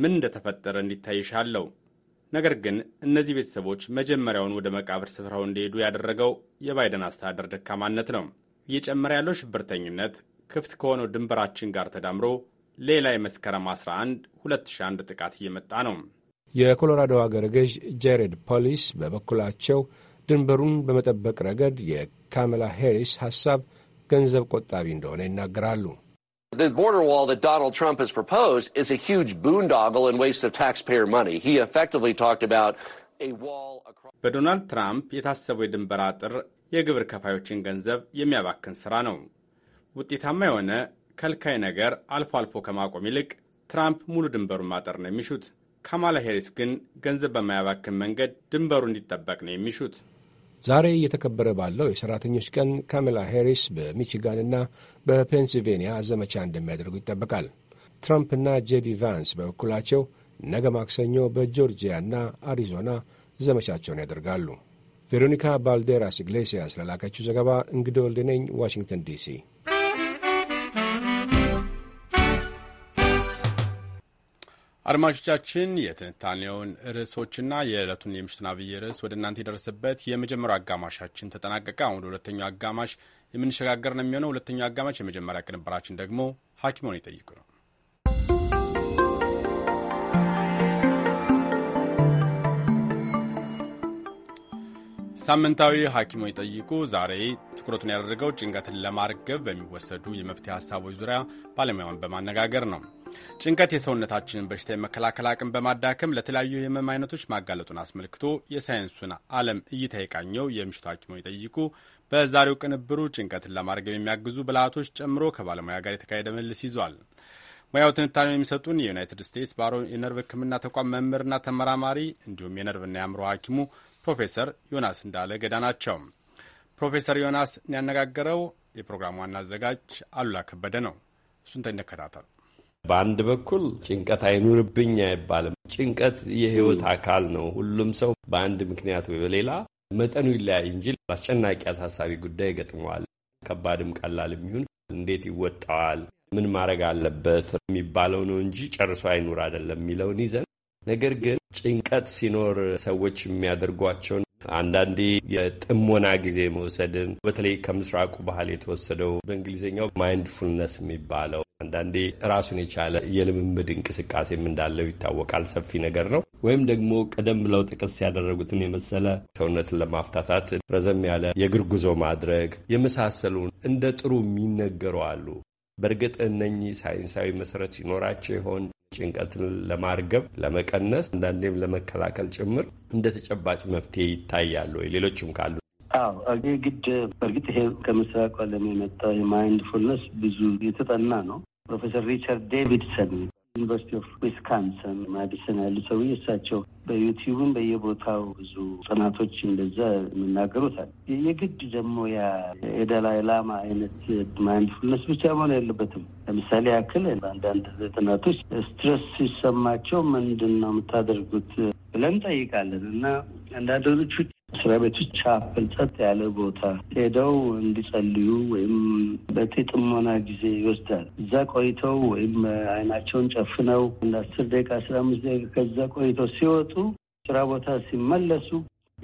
ምን እንደተፈጠረ እንዲታይሻለው። ነገር ግን እነዚህ ቤተሰቦች መጀመሪያውን ወደ መቃብር ስፍራው እንዲሄዱ ያደረገው የባይደን አስተዳደር ደካማነት ነው። እየጨመረ ያለው ሽብርተኝነት ክፍት ከሆነው ድንበራችን ጋር ተዳምሮ ሌላ የመስከረም 11 2001 ጥቃት እየመጣ ነው። የኮሎራዶ አገረ ገዥ ጄሬድ ፖሊስ በበኩላቸው ድንበሩን በመጠበቅ ረገድ የካሜላ ሄሪስ ሐሳብ ገንዘብ ቆጣቢ እንደሆነ ይናገራሉ። The border wall that Donald Trump has proposed is a huge boondoggle and waste of taxpayer money. He effectively talked about a wall across በዶናልድ ትራምፕ የታሰበው የድንበር አጥር የግብር ከፋዮችን ገንዘብ የሚያባክን ስራ ነው። ውጤታማ የሆነ ከልካይ ነገር አልፎ አልፎ ከማቆም ይልቅ ትራምፕ ሙሉ ድንበሩን ማጠር ነው የሚሹት። ካማላ ሄሪስ ግን ገንዘብ በማያባክን መንገድ ድንበሩ እንዲጠበቅ ነው የሚሹት። ዛሬ እየተከበረ ባለው የሠራተኞች ቀን ካሜላ ሄሪስ በሚቺጋንና በፔንሲልቬንያ ዘመቻ እንደሚያደርጉ ይጠበቃል። ትራምፕና ጄዲ ቫንስ በበኩላቸው ነገ ማክሰኞ በጆርጂያና አሪዞና ዘመቻቸውን ያደርጋሉ። ቬሮኒካ ባልዴራስ ኢግሌሲያስ ለላከችው ዘገባ እንግዶ ወልዴ ዋሽንግተን ዲሲ። አድማጮቻችን የትንታኔውን ርዕሶችና የዕለቱን የምሽቱን አብይ ርዕስ ወደ እናንተ የደረሰበት የመጀመሪያው አጋማሻችን ተጠናቀቀ። አሁን ወደ ሁለተኛው አጋማሽ የምንሸጋገር ነው የሚሆነው። ሁለተኛው አጋማሽ የመጀመሪያ ቅንብራችን ደግሞ ሐኪሞን ይጠይቁ ነው። ሳምንታዊ ሐኪሞ ይጠይቁ ዛሬ ትኩረቱን ያደረገው ጭንቀትን ለማርገብ በሚወሰዱ የመፍትሄ ሀሳቦች ዙሪያ ባለሙያውን በማነጋገር ነው። ጭንቀት የሰውነታችንን በሽታ የመከላከል አቅም በማዳከም ለተለያዩ የህመም አይነቶች ማጋለጡን አስመልክቶ የሳይንሱን ዓለም እይታ የቃኘው የምሽቱ ሐኪሞ ይጠይቁ በዛሬው ቅንብሩ ጭንቀትን ለማርገብ የሚያግዙ ብልሃቶች ጨምሮ ከባለሙያ ጋር የተካሄደ ምልልስ ይዟል። ሙያው ትንታኔ የሚሰጡን የዩናይትድ ስቴትስ ባሮ የነርቭ ሕክምና ተቋም መምህርና ተመራማሪ እንዲሁም የነርቭና የአእምሮ ሐኪሙ ፕሮፌሰር ዮናስ እንዳለ ገዳ ናቸው። ፕሮፌሰር ዮናስ ያነጋገረው የፕሮግራሙ ዋና አዘጋጅ አሉላ ከበደ ነው። እሱን ተንከታተል። በአንድ በኩል ጭንቀት አይኑርብኝ አይባልም። ጭንቀት የህይወት አካል ነው። ሁሉም ሰው በአንድ ምክንያት ወይ በሌላ መጠኑ ይለያይ እንጂ አስጨናቂ፣ አሳሳቢ ጉዳይ ገጥመዋል። ከባድም ቀላል የሚሆን እንዴት ይወጣዋል፣ ምን ማድረግ አለበት የሚባለው ነው እንጂ ጨርሶ አይኑር አይደለም የሚለውን ይዘን ነገር ግን ጭንቀት ሲኖር ሰዎች የሚያደርጓቸውን አንዳንዴ የጥሞና ጊዜ መውሰድን በተለይ ከምስራቁ ባህል የተወሰደው በእንግሊዝኛው ማይንድፉልነስ የሚባለው አንዳንዴ ራሱን የቻለ የልምምድ እንቅስቃሴም እንዳለው ይታወቃል። ሰፊ ነገር ነው። ወይም ደግሞ ቀደም ብለው ጥቅስ ያደረጉትን የመሰለ ሰውነትን ለማፍታታት ረዘም ያለ የእግር ጉዞ ማድረግ የመሳሰሉን እንደ ጥሩ የሚነገሩ አሉ። በእርግጥ እነኚህ ሳይንሳዊ መሰረት ይኖራቸው ይሆን? ጭንቀትን ለማርገብ ለመቀነስ፣ አንዳንዴም ለመከላከል ጭምር እንደ ተጨባጭ መፍትሄ ይታያሉ ወይ? ሌሎችም ካሉ አዎ አገ ግድ በእርግጥ ይሄ ከምስራቅ ዓለም የመጣ የማይንድፉልነስ ብዙ የተጠና ነው። ፕሮፌሰር ሪቻርድ ዴቪድሰን ዩኒቨርሲቲ ኦፍ ዊስካንሰን ማዲሰን ያሉ ሰውዬ እሳቸው በዩቲዩብም በየቦታው ብዙ ጥናቶች እንደዛ የሚናገሩት የግድ ደግሞ ያ የዳላይ ላማ አይነት ማይንድፉልነስ ብቻ መሆን የለበትም። ለምሳሌ ያክል በአንዳንድ ጥናቶች ስትረስ ሲሰማቸው ምንድን ነው የምታደርጉት ብለን እንጠይቃለን እና አንዳንዶቹ መስሪያ ቤት ብቻ ጸጥ ያለ ቦታ ሄደው እንዲጸልዩ ወይም በጥሞና ጊዜ ይወስዳል። እዛ ቆይተው ወይም አይናቸውን ጨፍነው እንደ አስር ደቂቃ አስራ አምስት ደቂቃ ከዛ ቆይተው ሲወጡ ስራ ቦታ ሲመለሱ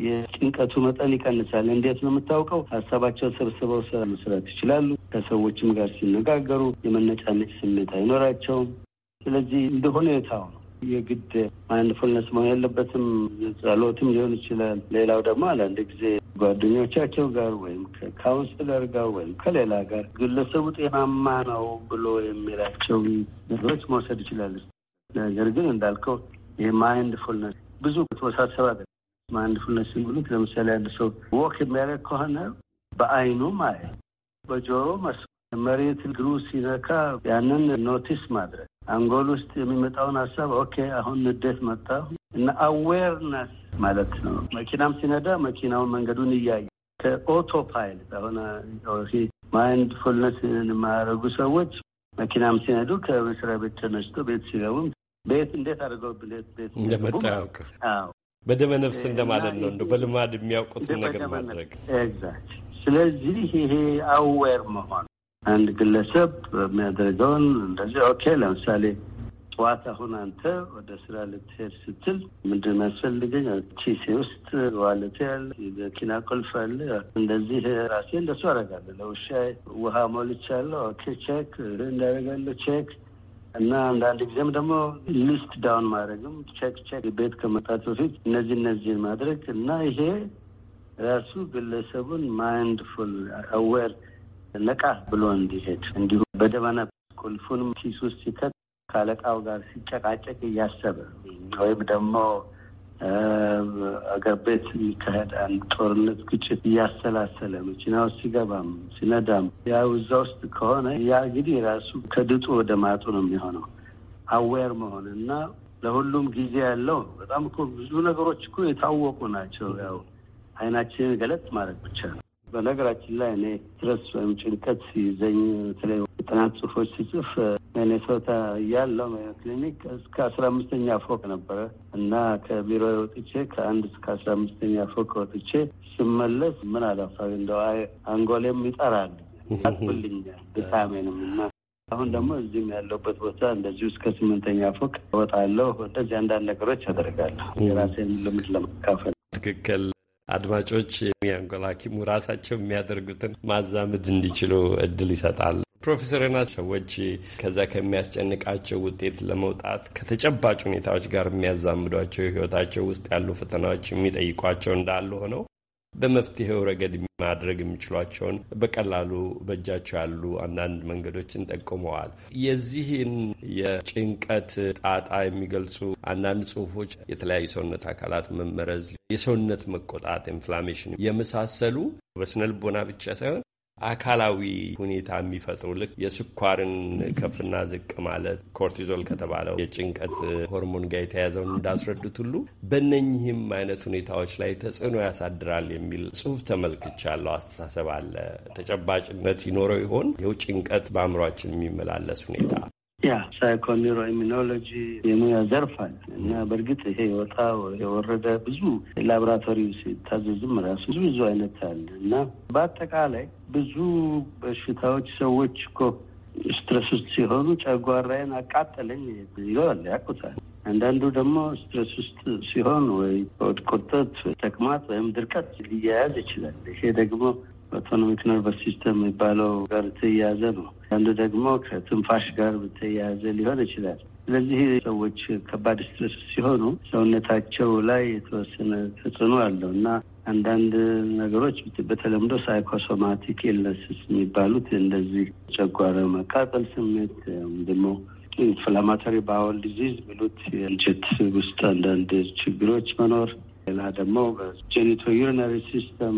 የጭንቀቱ መጠን ይቀንሳል። እንዴት ነው የምታውቀው? ሀሳባቸው ሰብስበው ስራ መስራት ይችላሉ። ከሰዎችም ጋር ሲነጋገሩ የመነጫነጭ ስሜት አይኖራቸውም። ስለዚህ እንደሆነ የታው ነው የግድ ማይንድፉልነስ መሆን የለበትም። ጸሎትም ሊሆን ይችላል። ሌላው ደግሞ አንዳንድ ጊዜ ጓደኞቻቸው ጋር ወይም ከካውንስለር ጋር ወይም ከሌላ ጋር ግለሰቡ ጤናማ ነው ብሎ የሚላቸው ነገሮች መውሰድ ይችላል። ነገር ግን እንዳልከው ይህ ማይንድፉልነስ ብዙ ተወሳሰብ አለ። ማይንድፉልነስ ሲሉት ለምሳሌ አንድ ሰው ወክ የሚያደርግ ከሆነ በአይኑ ማየት፣ በጆሮ መስ መሬት እግሩ ሲነካ ያንን ኖቲስ ማድረግ አንጎል ውስጥ የሚመጣውን ሀሳብ ኦኬ፣ አሁን ንዴት መጣ እና አዌርነስ ማለት ነው። መኪናም ሲነዳ መኪናውን መንገዱን እያየ ከኦቶ ፓይለት አሁን ማይንድ ፉልነስ የማያደርጉ ሰዎች መኪናም ሲነዱ ከመስሪያ ቤት ተነስቶ ቤት ሲገቡም ቤት እንዴት አድርገው ቤት እንደመጣ ያውቅ በደመ እንደማለት ነው። እንደ በልማድ የሚያውቁትን ነገር ማድረግ ኤግዛክት። ስለዚህ ይሄ አዌር መሆን አንድ ግለሰብ የሚያደርገውን እንደዚህ ኦኬ። ለምሳሌ ጠዋት አሁን አንተ ወደ ስራ ልትሄድ ስትል ምንድን ነው ያስፈልገኝ? ኪሴ ውስጥ ዋለት ያለ፣ የመኪና ቁልፍ አለ። እንደዚህ ራሴ እንደሱ አደርጋለሁ። ለውሻ ውሃ ሞልቻለሁ። ኦኬ ቼክ እንዳደርጋለሁ ቼክ እና አንዳንድ ጊዜም ደግሞ ሊስት ዳውን ማድረግም ቼክ ቼክ ቤት ከመጣት በፊት እነዚህ እነዚህን ማድረግ እና ይሄ ራሱ ግለሰቡን ማይንድፉል አዌር ለቃ ብሎ እንዲሄድ እንዲሁ በደበና ቁልፉንም ኪስ ውስጥ ሲከት ከአለቃው ጋር ሲጨቃጨቅ እያሰበ ወይም ደግሞ አገር ቤት የሚካሄድ አንድ ጦርነት ግጭት እያሰላሰለ መኪና ውስጥ ሲገባም ሲነዳም ያው እዛ ውስጥ ከሆነ ያ እንግዲህ ራሱ ከድጡ ወደ ማጡ ነው የሚሆነው። አዌር መሆን እና ለሁሉም ጊዜ ያለው በጣም እኮ ብዙ ነገሮች እኮ የታወቁ ናቸው። ያው አይናችንን ገለጥ ማለት ብቻ ነው። በነገራችን ላይ እኔ ስትረስ ወይም ጭንቀት ሲይዘኝ በተለይ ጥናት ጽሁፎች ሲጽፍ ሚኔሶታ እያለሁ ክሊኒክ እስከ አስራ አምስተኛ ፎቅ ነበረ እና ከቢሮ ወጥቼ ከአንድ እስከ አስራ አምስተኛ ፎቅ ወጥቼ ስመለስ ምን አላፋ እንደው አንጎሌም ይጠራል አቁልኛል ብታሜንም እና አሁን ደግሞ እዚህም ያለሁበት ቦታ እንደዚሁ እስከ ስምንተኛ ፎቅ እወጣለሁ። እንደዚህ አንዳንድ ነገሮች አደርጋለሁ የራሴን ልምድ ለመካፈል ትክክል አድማጮች የሚያንጎላኪሙ ራሳቸው የሚያደርጉትን ማዛመድ እንዲችሉ እድል ይሰጣል። ፕሮፌሰር ናት ሰዎች ከዛ ከሚያስጨንቃቸው ውጤት ለመውጣት ከተጨባጭ ሁኔታዎች ጋር የሚያዛምዷቸው ህይወታቸው ውስጥ ያሉ ፈተናዎች የሚጠይቋቸው እንዳሉ ሆነው በመፍትሄው ረገድ ማድረግ የሚችሏቸውን በቀላሉ በእጃቸው ያሉ አንዳንድ መንገዶችን ጠቁመዋል። የዚህን የጭንቀት ጣጣ የሚገልጹ አንዳንድ ጽሁፎች የተለያዩ ሰውነት አካላት መመረዝ፣ የሰውነት መቆጣት ኢንፍላሜሽን የመሳሰሉ በስነ ልቦና ብቻ ሳይሆን አካላዊ ሁኔታ የሚፈጥሩ ልክ የስኳርን ከፍና ዝቅ ማለት ኮርቲዞል ከተባለው የጭንቀት ሆርሞን ጋር የተያዘውን እንዳስረዱት ሁሉ በእነኚህም አይነት ሁኔታዎች ላይ ተጽዕኖ ያሳድራል የሚል ጽሁፍ ተመልክቻለሁ። አስተሳሰብ አለ ተጨባጭነት ይኖረው ይሆን? ይኸው ጭንቀት በአእምሯችን የሚመላለስ ሁኔታ ያ ሳይኮኒሮ ኢሚኖሎጂ የሙያ ዘርፍ አለ እና በእርግጥ ይሄ የወጣ የወረደ ብዙ ላቦራቶሪ ሲታዘዝም ራሱ ብዙ ብዙ አይነት አለ እና በአጠቃላይ ብዙ በሽታዎች ሰዎች እኮ ስትረስ ውስጥ ሲሆኑ ጨጓራዬን አቃጠለኝ ይለዋል፣ ያውቁታል። አንዳንዱ ደግሞ ስትረስ ውስጥ ሲሆን ወይ ሆድ ቁርጠት፣ ተቅማጥ ወይም ድርቀት ሊያያዝ ይችላል። ይሄ ደግሞ ኦቶኖሚክ ነርቨስ ሲስተም የሚባለው ጋር ተያያዘ ነው። አንዱ ደግሞ ከትንፋሽ ጋር ተያያዘ ሊሆን ይችላል። ስለዚህ ሰዎች ከባድ ስትረስ ሲሆኑ ሰውነታቸው ላይ የተወሰነ ተጽዕኖ አለው እና አንዳንድ ነገሮች በተለምዶ ሳይኮሶማቲክ ኢልነስስ የሚባሉት እንደዚህ ጨጓራ መቃጠል ስሜት ወይም ደግሞ ኢንፍላማቶሪ ባወል ዲዚዝ ብሉት የእንጀት ውስጥ አንዳንድ ችግሮች መኖር ሌላ ደግሞ ዩሪነሪ ሲስተም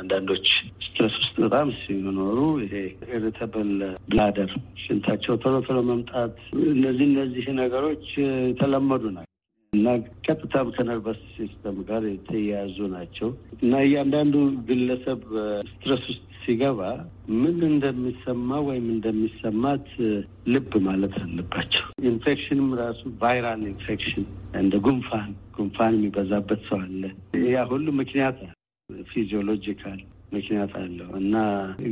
አንዳንዶች ስትረስ ውስጥ በጣም ሲኖሩ ይሄ ኢሪተብል ብላደር ሽንታቸው ቶሎ ቶሎ መምጣት፣ እነዚህ እነዚህ ነገሮች የተለመዱ ናቸው እና ቀጥታም ከነርቨስ ሲስተም ጋር የተያያዙ ናቸው እና እያንዳንዱ ግለሰብ ስትረስ ውስጥ ሲገባ ምን እንደሚሰማ ወይም እንደሚሰማት ልብ ማለት አለባቸው። ኢንፌክሽንም ራሱ ቫይራል ኢንፌክሽን እንደ ጉንፋን ጉንፋን የሚበዛበት ሰው አለ። ያ ሁሉ ምክንያት ፊዚዮሎጂካል ምክንያት አለው እና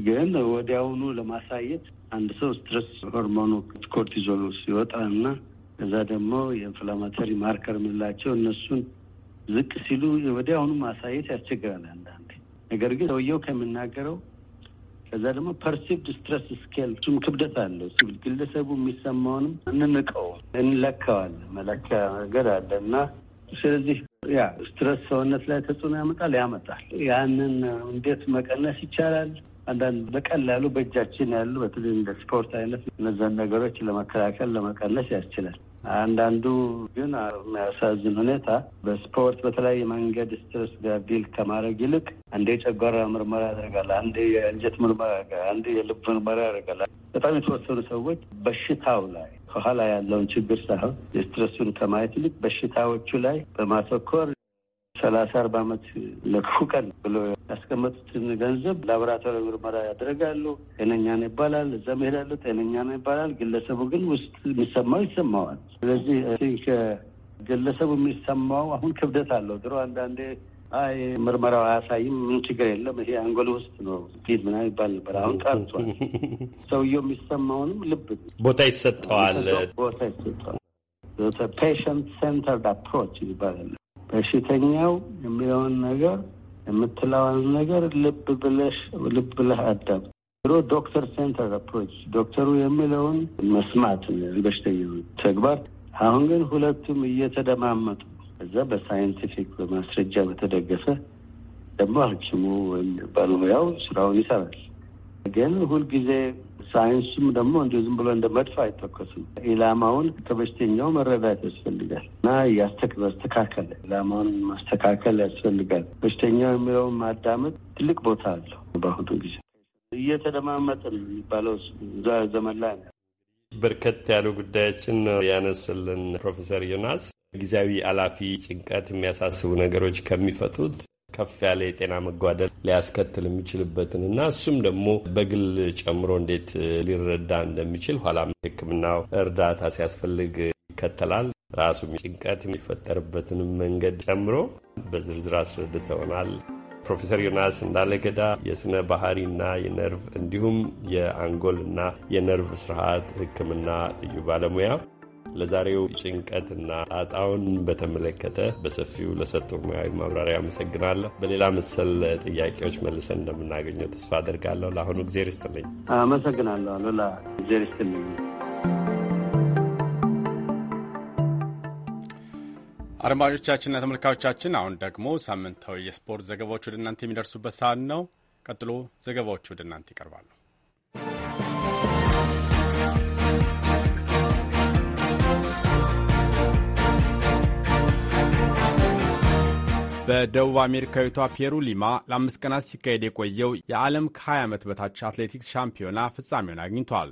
ግን ወዲያውኑ ለማሳየት አንድ ሰው ስትረስ ሆርሞኑ ኮርቲዞሉ ሲወጣ እና ከዛ ደግሞ የኢንፍላማተሪ ማርከር የምንላቸው እነሱን ዝቅ ሲሉ ወዲያውኑ ማሳየት ያስቸግራል አንዳንዴ። ነገር ግን ሰውየው ከምናገረው ከዛ ደግሞ ፐርሲቭድ ስትረስ ስኬል እሱም ክብደት አለው። ግለሰቡ የሚሰማውንም እንንቀው እንለካዋል። መለኪያ ነገር አለ እና ስለዚህ ያ ስትረስ ሰውነት ላይ ተጽዕኖ ያመጣል ያመጣል። ያንን እንዴት መቀነስ ይቻላል? አንዳንድ በቀላሉ በእጃችን ያሉ በተለይ እንደ ስፖርት አይነት እነዛን ነገሮች ለመከላከል ለመቀነስ ያስችላል። አንዳንዱ ግን የሚያሳዝን ሁኔታ በስፖርት በተለያየ መንገድ ስትረስ ቢል ከማድረግ ይልቅ አንዴ የጨጓራ ምርመራ ያደርጋል፣ አንዴ የእንጀት ምርመራ ያደርጋል፣ አንዴ የልብ ምርመራ ያደርጋል። በጣም የተወሰኑ ሰዎች በሽታው ላይ ከኋላ ያለውን ችግር ሳይሆን የስትረሱን ከማየት ይልቅ በሽታዎቹ ላይ በማተኮር ሰላሳ አርባ አመት ለክፉ ቀን ብሎ ያስቀመጡትን ገንዘብ ላቦራቶሪ ምርመራ ያደርጋሉ። ጤነኛ ነው ይባላል፣ እዛ መሄዳለሁ፣ ጤነኛ ነው ይባላል። ግለሰቡ ግን ውስጥ የሚሰማው ይሰማዋል። ስለዚህ ግለሰቡ የሚሰማው አሁን ክብደት አለው። ድሮ አንዳንዴ አይ ምርመራው አያሳይም፣ ምን ችግር የለም፣ ይሄ አንጎል ውስጥ ነው ፊት ምና ይባል ነበር። አሁን ቀርቷል። ሰውየው የሚሰማውንም ልብ ቦታ ይሰጠዋል፣ ቦታ ይሰጠዋል። ፔሽንት ሴንተርድ አፕሮች ይባላል። በሽተኛው የሚለውን ነገር የምትለዋን ነገር ልብ ብለሽ ልብ ብለህ አዳም ብሎ ዶክተር ሴንተር አፕሮች ዶክተሩ የሚለውን መስማት በሽተኛው ተግባር። አሁን ግን ሁለቱም እየተደማመጡ እዛ በሳይንቲፊክ በማስረጃ በተደገፈ ደግሞ ሐኪሙ ወይም ባለሙያው ስራውን ይሰራል። ግን ሁልጊዜ ሳይንሱም ደግሞ እንዲሁ ዝም ብሎ እንደ መድፍ አይተኮስም። ኢላማውን ከበሽተኛው መረዳት ያስፈልጋል እና ማስተካከል ኢላማውን ማስተካከል ያስፈልጋል። በሽተኛው የሚለውን ማዳመጥ ትልቅ ቦታ አለው። በአሁኑ ጊዜ እየተደማመጠ ነው የሚባለው ዘመን ላይ ነው። በርከት ያሉ ጉዳዮችን ያነሱልን ፕሮፌሰር ዮናስ ጊዜያዊ አላፊ ጭንቀት የሚያሳስቡ ነገሮች ከሚፈቱት ከፍ ያለ የጤና መጓደል ሊያስከትል የሚችልበትን እና እሱም ደግሞ በግል ጨምሮ እንዴት ሊረዳ እንደሚችል ኋላም ሕክምናው እርዳታ ሲያስፈልግ ይከተላል። ራሱ ጭንቀት የሚፈጠርበትንም መንገድ ጨምሮ በዝርዝር አስረድተውናል። ፕሮፌሰር ዮናስ እንዳለገዳ ገዳ የሥነ ባህሪና የነርቭ እንዲሁም የአንጎልና የነርቭ ስርዓት ሕክምና ልዩ ባለሙያ ለዛሬው ጭንቀትና ጣጣውን በተመለከተ በሰፊው ለሰጡ ሙያዊ ማብራሪያ አመሰግናለሁ። በሌላ መሰል ጥያቄዎች መልሰን እንደምናገኘው ተስፋ አደርጋለሁ። ለአሁኑ እግዜር ይስጥልኝ። አመሰግናለሁ አሉላ። እግዜር ይስጥልኝ። አድማጮቻችንና ተመልካቾቻችን አሁን ደግሞ ሳምንታዊ የስፖርት ዘገባዎች ወደ እናንተ የሚደርሱበት ሰዓት ነው። ቀጥሎ ዘገባዎች ወደ እናንተ ይቀርባሉ። በደቡብ አሜሪካዊቷ ፔሩ ሊማ ለአምስት ቀናት ሲካሄድ የቆየው የዓለም ከ20 ዓመት በታች አትሌቲክስ ሻምፒዮና ፍጻሜውን አግኝቷል።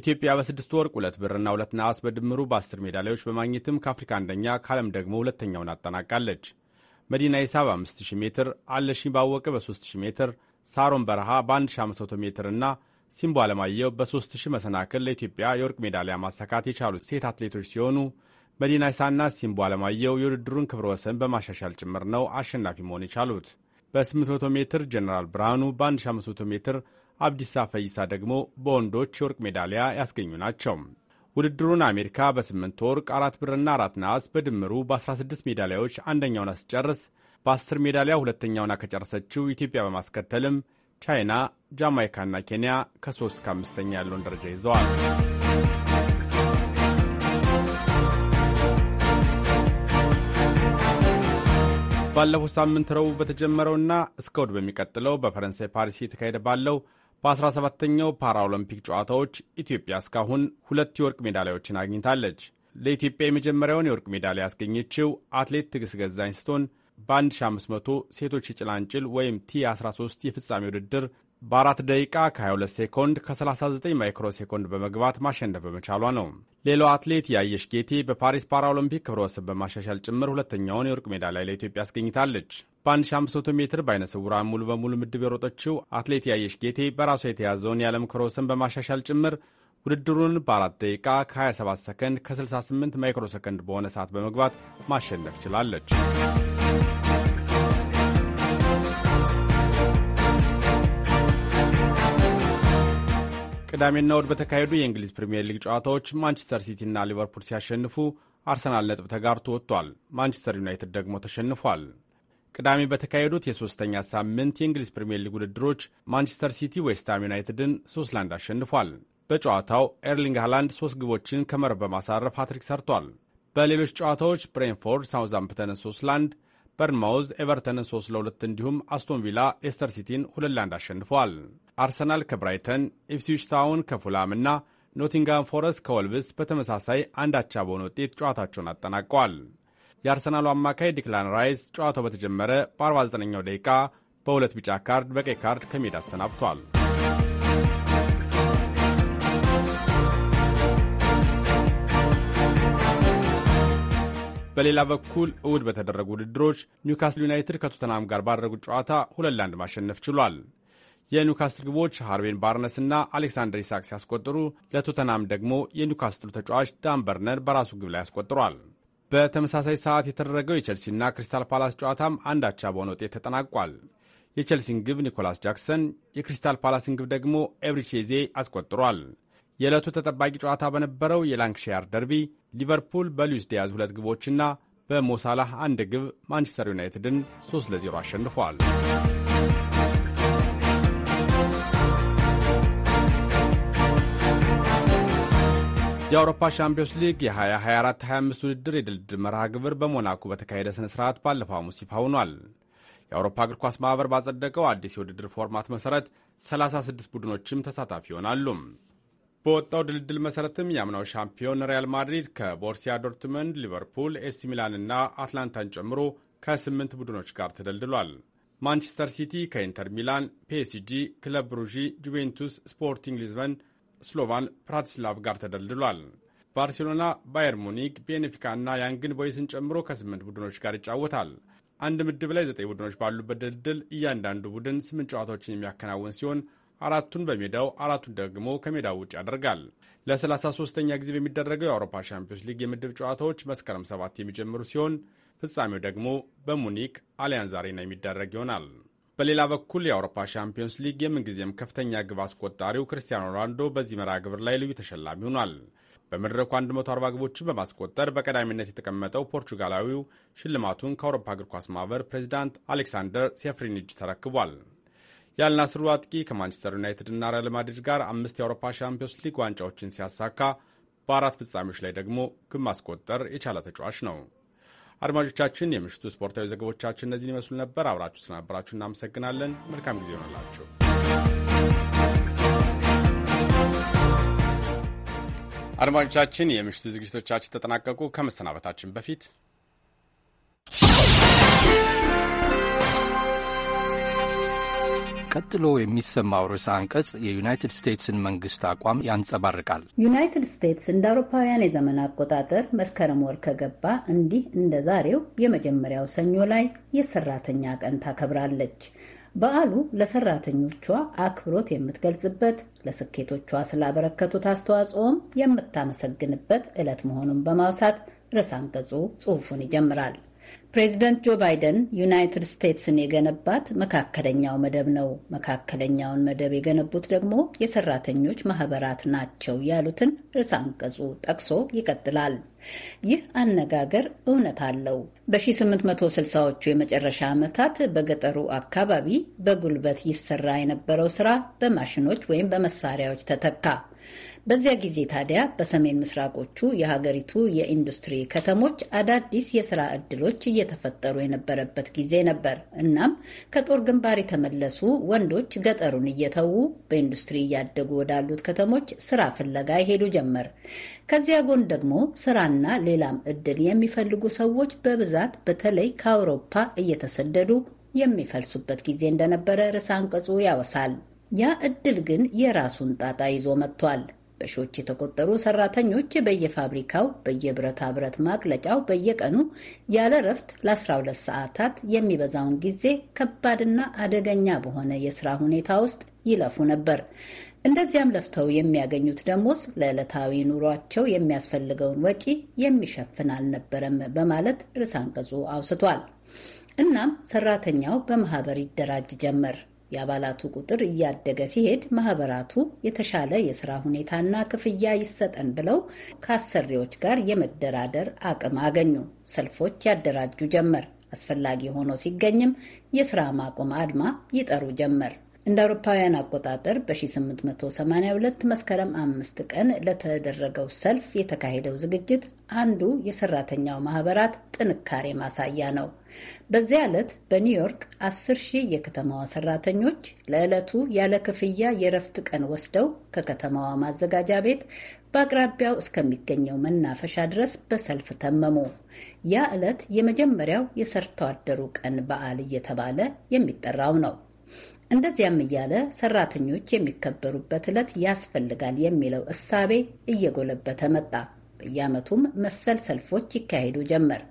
ኢትዮጵያ በስድስት ወርቅ ሁለት ብርና ሁለት ነሐስ በድምሩ በአስር ሜዳሊያዎች በማግኘትም ከአፍሪካ አንደኛ ከዓለም ደግሞ ሁለተኛውን አጠናቃለች። መዲና ይሳ በ5000 ሜትር፣ አለሽኝ ባወቀ በ3000 ሜትር፣ ሳሮን በረሃ በ1500 ሜትር እና ሲምቦ አለማየሁ በ3000 መሰናክል ለኢትዮጵያ የወርቅ ሜዳሊያ ማሳካት የቻሉት ሴት አትሌቶች ሲሆኑ መዲና ሳና ሲምቦ አለማየው የውድድሩን ክብረ ወሰን በማሻሻል ጭምር ነው አሸናፊ መሆን የቻሉት። በ800 ሜትር ጀነራል ብርሃኑ፣ በ1500 ሜትር አብዲሳ ፈይሳ ደግሞ በወንዶች የወርቅ ሜዳሊያ ያስገኙ ናቸው። ውድድሩን አሜሪካ በ8 ወርቅ፣ አራት ብርና አራት ነሐስ በድምሩ በ16 ሜዳሊያዎች አንደኛውን አስጨርስ በ10 ሜዳሊያ ሁለተኛውና ከጨረሰችው ኢትዮጵያ በማስከተልም ቻይና፣ ጃማይካና ኬንያ ከ3 እስከ አምስተኛ ያለውን ደረጃ ይዘዋል። ባለፈው ሳምንት ረቡዕ በተጀመረውና እስከ እሁድ በሚቀጥለው በፈረንሳይ ፓሪስ የተካሄደ ባለው በ17ኛው ፓራኦሎምፒክ ጨዋታዎች ኢትዮጵያ እስካሁን ሁለት የወርቅ ሜዳሊያዎችን አግኝታለች። ለኢትዮጵያ የመጀመሪያውን የወርቅ ሜዳሊያ ያስገኘችው አትሌት ትዕግስት ገዛኝ ስትሆን በ1500 ሴቶች ጭላንጭል ወይም ቲ 13 የፍጻሜ ውድድር በአራት ደቂቃ ከ22 ሴኮንድ ከ39 ማይክሮ ሴኮንድ በመግባት ማሸነፍ በመቻሏ ነው። ሌላው አትሌት የአየሽ ጌቴ በፓሪስ ፓራኦሎምፒክ ክብረ ወሰን በማሻሻል ጭምር ሁለተኛውን የወርቅ ሜዳሊያ ለኢትዮጵያ አስገኝታለች። በ1500 ሜትር በአይነ ስውራን ሙሉ በሙሉ ምድብ የሮጠችው አትሌት የአየሽ ጌቴ በራሷ የተያዘውን የዓለም ክብረ ወሰን በማሻሻል ጭምር ውድድሩን በአራት ደቂቃ ከ27 ሰከንድ ከ68 ማይክሮ ሰከንድ በሆነ ሰዓት በመግባት ማሸነፍ ችላለች። ቅዳሜና እሁድ በተካሄዱ የእንግሊዝ ፕሪምየር ሊግ ጨዋታዎች ማንቸስተር ሲቲና ሊቨርፑል ሲያሸንፉ አርሰናል ነጥብ ተጋርቶ ወጥቷል። ማንቸስተር ዩናይትድ ደግሞ ተሸንፏል። ቅዳሜ በተካሄዱት የሦስተኛ ሳምንት የእንግሊዝ ፕሪምየር ሊግ ውድድሮች ማንቸስተር ሲቲ ዌስትሃም ዩናይትድን ሶስት ለአንድ አሸንፏል። በጨዋታው ኤርሊንግ ሃላንድ ሶስት ግቦችን ከመረብ በማሳረፍ ሀትሪክ ሰርቷል። በሌሎች ጨዋታዎች ብሬንፎርድ ሳውዛምፕተንን ሶስት በርንማውዝ ኤቨርተንን 3 ለ2 እንዲሁም አስቶን ቪላ ኤስተር ሲቲን 2 ለ1 አሸንፏል። አርሰናል ከብራይተን፣ ኢፕስዊች ታውን ከፉላም ከፉላምና ኖቲንጋም ፎረስት ከወልቭስ በተመሳሳይ አንዳቻ በሆነ ውጤት ጨዋታቸውን አጠናቀዋል። የአርሰናሉ አማካይ ዲክላን ራይስ ጨዋታው በተጀመረ በ49ኛው ደቂቃ በሁለት ቢጫ ካርድ በቀይ ካርድ ከሜዳ አሰናብቷል። በሌላ በኩል እሁድ በተደረጉ ውድድሮች ኒውካስል ዩናይትድ ከቶተናም ጋር ባደረጉት ጨዋታ ሁለት ለአንድ ማሸነፍ ችሏል። የኒውካስትል ግቦች ሃርቬን ባርነስ አሌክሳንደር ኢሳቅ ሲያስቆጥሩ ለቶተናም ደግሞ የኒውካስትሉ ተጫዋች ዳን በርነር በራሱ ግብ ላይ አስቆጥሯል። በተመሳሳይ ሰዓት የተደረገው የቸልሲና ክሪስታል ፓላስ ጨዋታም አንድ አቻ በሆነ ውጤት ተጠናቋል። የቸልሲን ግብ ኒኮላስ ጃክሰን፣ የክሪስታል ፓላስን ግብ ደግሞ ኤብሪቼዜ አስቆጥሯል። የዕለቱ ተጠባቂ ጨዋታ በነበረው የላንክሻየር ደርቢ ሊቨርፑል በሉዊስ ዲያዝ ሁለት ግቦችና በሞሳላህ አንድ ግብ ማንቸስተር ዩናይትድን 3 ለ0 አሸንፏል። የአውሮፓ ሻምፒዮንስ ሊግ የ2024/25 ውድድር የድልድል መርሃ ግብር በሞናኮ በተካሄደ ሥነ ሥርዓት ባለፈው ሐሙስ ይፋ ሆኗል። የአውሮፓ እግር ኳስ ማኅበር ባጸደቀው አዲስ የውድድር ፎርማት መሠረት 36 ቡድኖችም ተሳታፊ ይሆናሉ። በወጣው ድልድል መሰረትም የአምናው ሻምፒዮን ሪያል ማድሪድ ከቦርሲያ ዶርትመንድ፣ ሊቨርፑል፣ ኤሲ እና አትላንታን ጨምሮ ከስምንት ቡድኖች ጋር ተደልድሏል። ማንቸስተር ሲቲ ከኢንተር ሚላን፣ ፒኤስጂ፣ ክለብ ብሩዢ፣ ጁቬንቱስ፣ ስፖርቲንግ ሊዝበን፣ ስሎቫን ፕራትስላቭ ጋር ተደልድሏል። ባርሴሎና፣ ባየር ሙኒክ፣ ና ያንግን ቦይስን ጨምሮ ከስምንት ቡድኖች ጋር ይጫወታል። አንድ ምድብ ላይ ዘጠኝ ቡድኖች ባሉበት ድልድል እያንዳንዱ ቡድን ስምንት ጨዋታዎችን የሚያከናውን ሲሆን አራቱን በሜዳው አራቱን ደግሞ ከሜዳው ውጭ ያደርጋል። ለ33ኛ ጊዜ በሚደረገው የአውሮፓ ሻምፒዮንስ ሊግ የምድብ ጨዋታዎች መስከረም ሰባት የሚጀምሩ ሲሆን ፍጻሜው ደግሞ በሙኒክ አሊያንዝ አሬና የሚደረግ ይሆናል። በሌላ በኩል የአውሮፓ ሻምፒዮንስ ሊግ የምንጊዜም ከፍተኛ ግብ አስቆጣሪው ክርስቲያኖ ሮናልዶ በዚህ መርሃ ግብር ላይ ልዩ ተሸላሚ ሆኗል። በመድረኩ 140 ግቦችን በማስቆጠር በቀዳሚነት የተቀመጠው ፖርቹጋላዊው ሽልማቱን ከአውሮፓ እግር ኳስ ማህበር ፕሬዚዳንት አሌክሳንደር ሴፍሪኒጅ ተረክቧል። የአልናስሩ አጥቂ ከማንቸስተር ዩናይትድ እና ሪያል ማድሪድ ጋር አምስት የአውሮፓ ሻምፒዮንስ ሊግ ዋንጫዎችን ሲያሳካ በአራት ፍጻሜዎች ላይ ደግሞ ግብ ማስቆጠር የቻለ ተጫዋች ነው። አድማጮቻችን፣ የምሽቱ ስፖርታዊ ዘገቦቻችን እነዚህን ይመስሉ ነበር። አብራችሁ ስለነበራችሁ እናመሰግናለን። መልካም ጊዜ ይሆንላችሁ። አድማጮቻችን፣ የምሽቱ ዝግጅቶቻችን ተጠናቀቁ። ከመሰናበታችን በፊት ቀጥሎ የሚሰማው ርዕሰ አንቀጽ የዩናይትድ ስቴትስን መንግስት አቋም ያንጸባርቃል። ዩናይትድ ስቴትስ እንደ አውሮፓውያን የዘመን አቆጣጠር መስከረም ወር ከገባ እንዲህ እንደ ዛሬው የመጀመሪያው ሰኞ ላይ የሰራተኛ ቀን ታከብራለች። በዓሉ ለሰራተኞቿ አክብሮት የምትገልጽበት፣ ለስኬቶቿ ስላበረከቱት አስተዋጽኦም የምታመሰግንበት ዕለት መሆኑን በማውሳት ርዕሰ አንቀጹ ጽሑፉን ይጀምራል። ፕሬዚደንት ጆ ባይደን ዩናይትድ ስቴትስን የገነባት መካከለኛው መደብ ነው፣ መካከለኛውን መደብ የገነቡት ደግሞ የሰራተኞች ማህበራት ናቸው ያሉትን ርዕሰ አንቀጹ ጠቅሶ ይቀጥላል። ይህ አነጋገር እውነት አለው። በ1860ዎቹ የመጨረሻ ዓመታት በገጠሩ አካባቢ በጉልበት ይሰራ የነበረው ስራ በማሽኖች ወይም በመሳሪያዎች ተተካ። በዚያ ጊዜ ታዲያ በሰሜን ምስራቆቹ የሀገሪቱ የኢንዱስትሪ ከተሞች አዳዲስ የስራ እድሎች እየተፈጠሩ የነበረበት ጊዜ ነበር። እናም ከጦር ግንባር የተመለሱ ወንዶች ገጠሩን እየተዉ በኢንዱስትሪ እያደጉ ወዳሉት ከተሞች ስራ ፍለጋ ይሄዱ ጀመር። ከዚያ ጎን ደግሞ ስራና ሌላም እድል የሚፈልጉ ሰዎች በብዛት በተለይ ከአውሮፓ እየተሰደዱ የሚፈልሱበት ጊዜ እንደነበረ ርዕሰ አንቀጹ ያወሳል። ያ እድል ግን የራሱን ጣጣ ይዞ መጥቷል። በሺዎች የተቆጠሩ ሰራተኞች በየፋብሪካው በየብረታ ብረት ማቅለጫው በየቀኑ ያለ ረፍት ለ12 ሰዓታት የሚበዛውን ጊዜ ከባድና አደገኛ በሆነ የስራ ሁኔታ ውስጥ ይለፉ ነበር። እንደዚያም ለፍተው የሚያገኙት ደሞዝ ለዕለታዊ ኑሯቸው የሚያስፈልገውን ወጪ የሚሸፍን አልነበረም በማለት ርዕሰ አንቀጹ አውስቷል። እናም ሰራተኛው በማህበር ይደራጅ ጀመር። የአባላቱ ቁጥር እያደገ ሲሄድ ማህበራቱ የተሻለ የስራ ሁኔታና ክፍያ ይሰጠን ብለው ከአሰሪዎች ጋር የመደራደር አቅም አገኙ። ሰልፎች ያደራጁ ጀመር። አስፈላጊ ሆኖ ሲገኝም የስራ ማቆም አድማ ይጠሩ ጀመር። እንደ አውሮፓውያን አቆጣጠር በ1882 መስከረም አምስት ቀን ለተደረገው ሰልፍ የተካሄደው ዝግጅት አንዱ የሰራተኛው ማህበራት ጥንካሬ ማሳያ ነው። በዚያ ዕለት በኒውዮርክ 10 ሺህ የከተማዋ ሰራተኞች ለዕለቱ ያለ ክፍያ የረፍት ቀን ወስደው ከከተማዋ ማዘጋጃ ቤት በአቅራቢያው እስከሚገኘው መናፈሻ ድረስ በሰልፍ ተመሙ። ያ ዕለት የመጀመሪያው የሰርተው አደሩ ቀን በዓል እየተባለ የሚጠራው ነው። እንደዚያም እያለ ሰራተኞች የሚከበሩበት ዕለት ያስፈልጋል የሚለው እሳቤ እየጎለበተ መጣ። በየዓመቱም መሰል ሰልፎች ይካሄዱ ጀመር።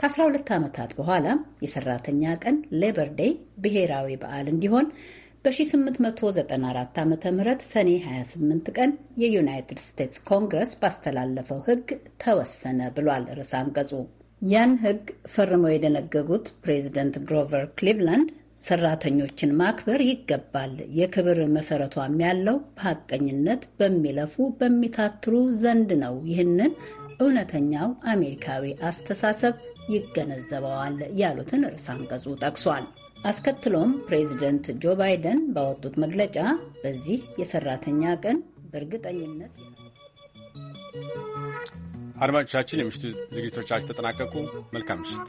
ከ12 ዓመታት በኋላም የሰራተኛ ቀን ሌበር ዴይ ብሔራዊ በዓል እንዲሆን በ1894 ዓ ም ሰኔ 28 ቀን የዩናይትድ ስቴትስ ኮንግረስ ባስተላለፈው ሕግ ተወሰነ ብሏል ርዕሰ አንቀጹ። ያን ሕግ ፈርመው የደነገጉት ፕሬዚደንት ግሮቨር ክሊቭላንድ ሰራተኞችን ማክበር ይገባል። የክብር መሰረቷም ያለው በሐቀኝነት በሚለፉ በሚታትሩ ዘንድ ነው። ይህንን እውነተኛው አሜሪካዊ አስተሳሰብ ይገነዘበዋል ያሉትን ርዕሰ አንቀጹ ጠቅሷል። አስከትሎም ፕሬዚደንት ጆ ባይደን ባወጡት መግለጫ በዚህ የሰራተኛ ቀን በእርግጠኝነት አድማጮቻችን፣ የምሽቱ ዝግጅቶቻችን ተጠናቀቁ። መልካም ምሽት።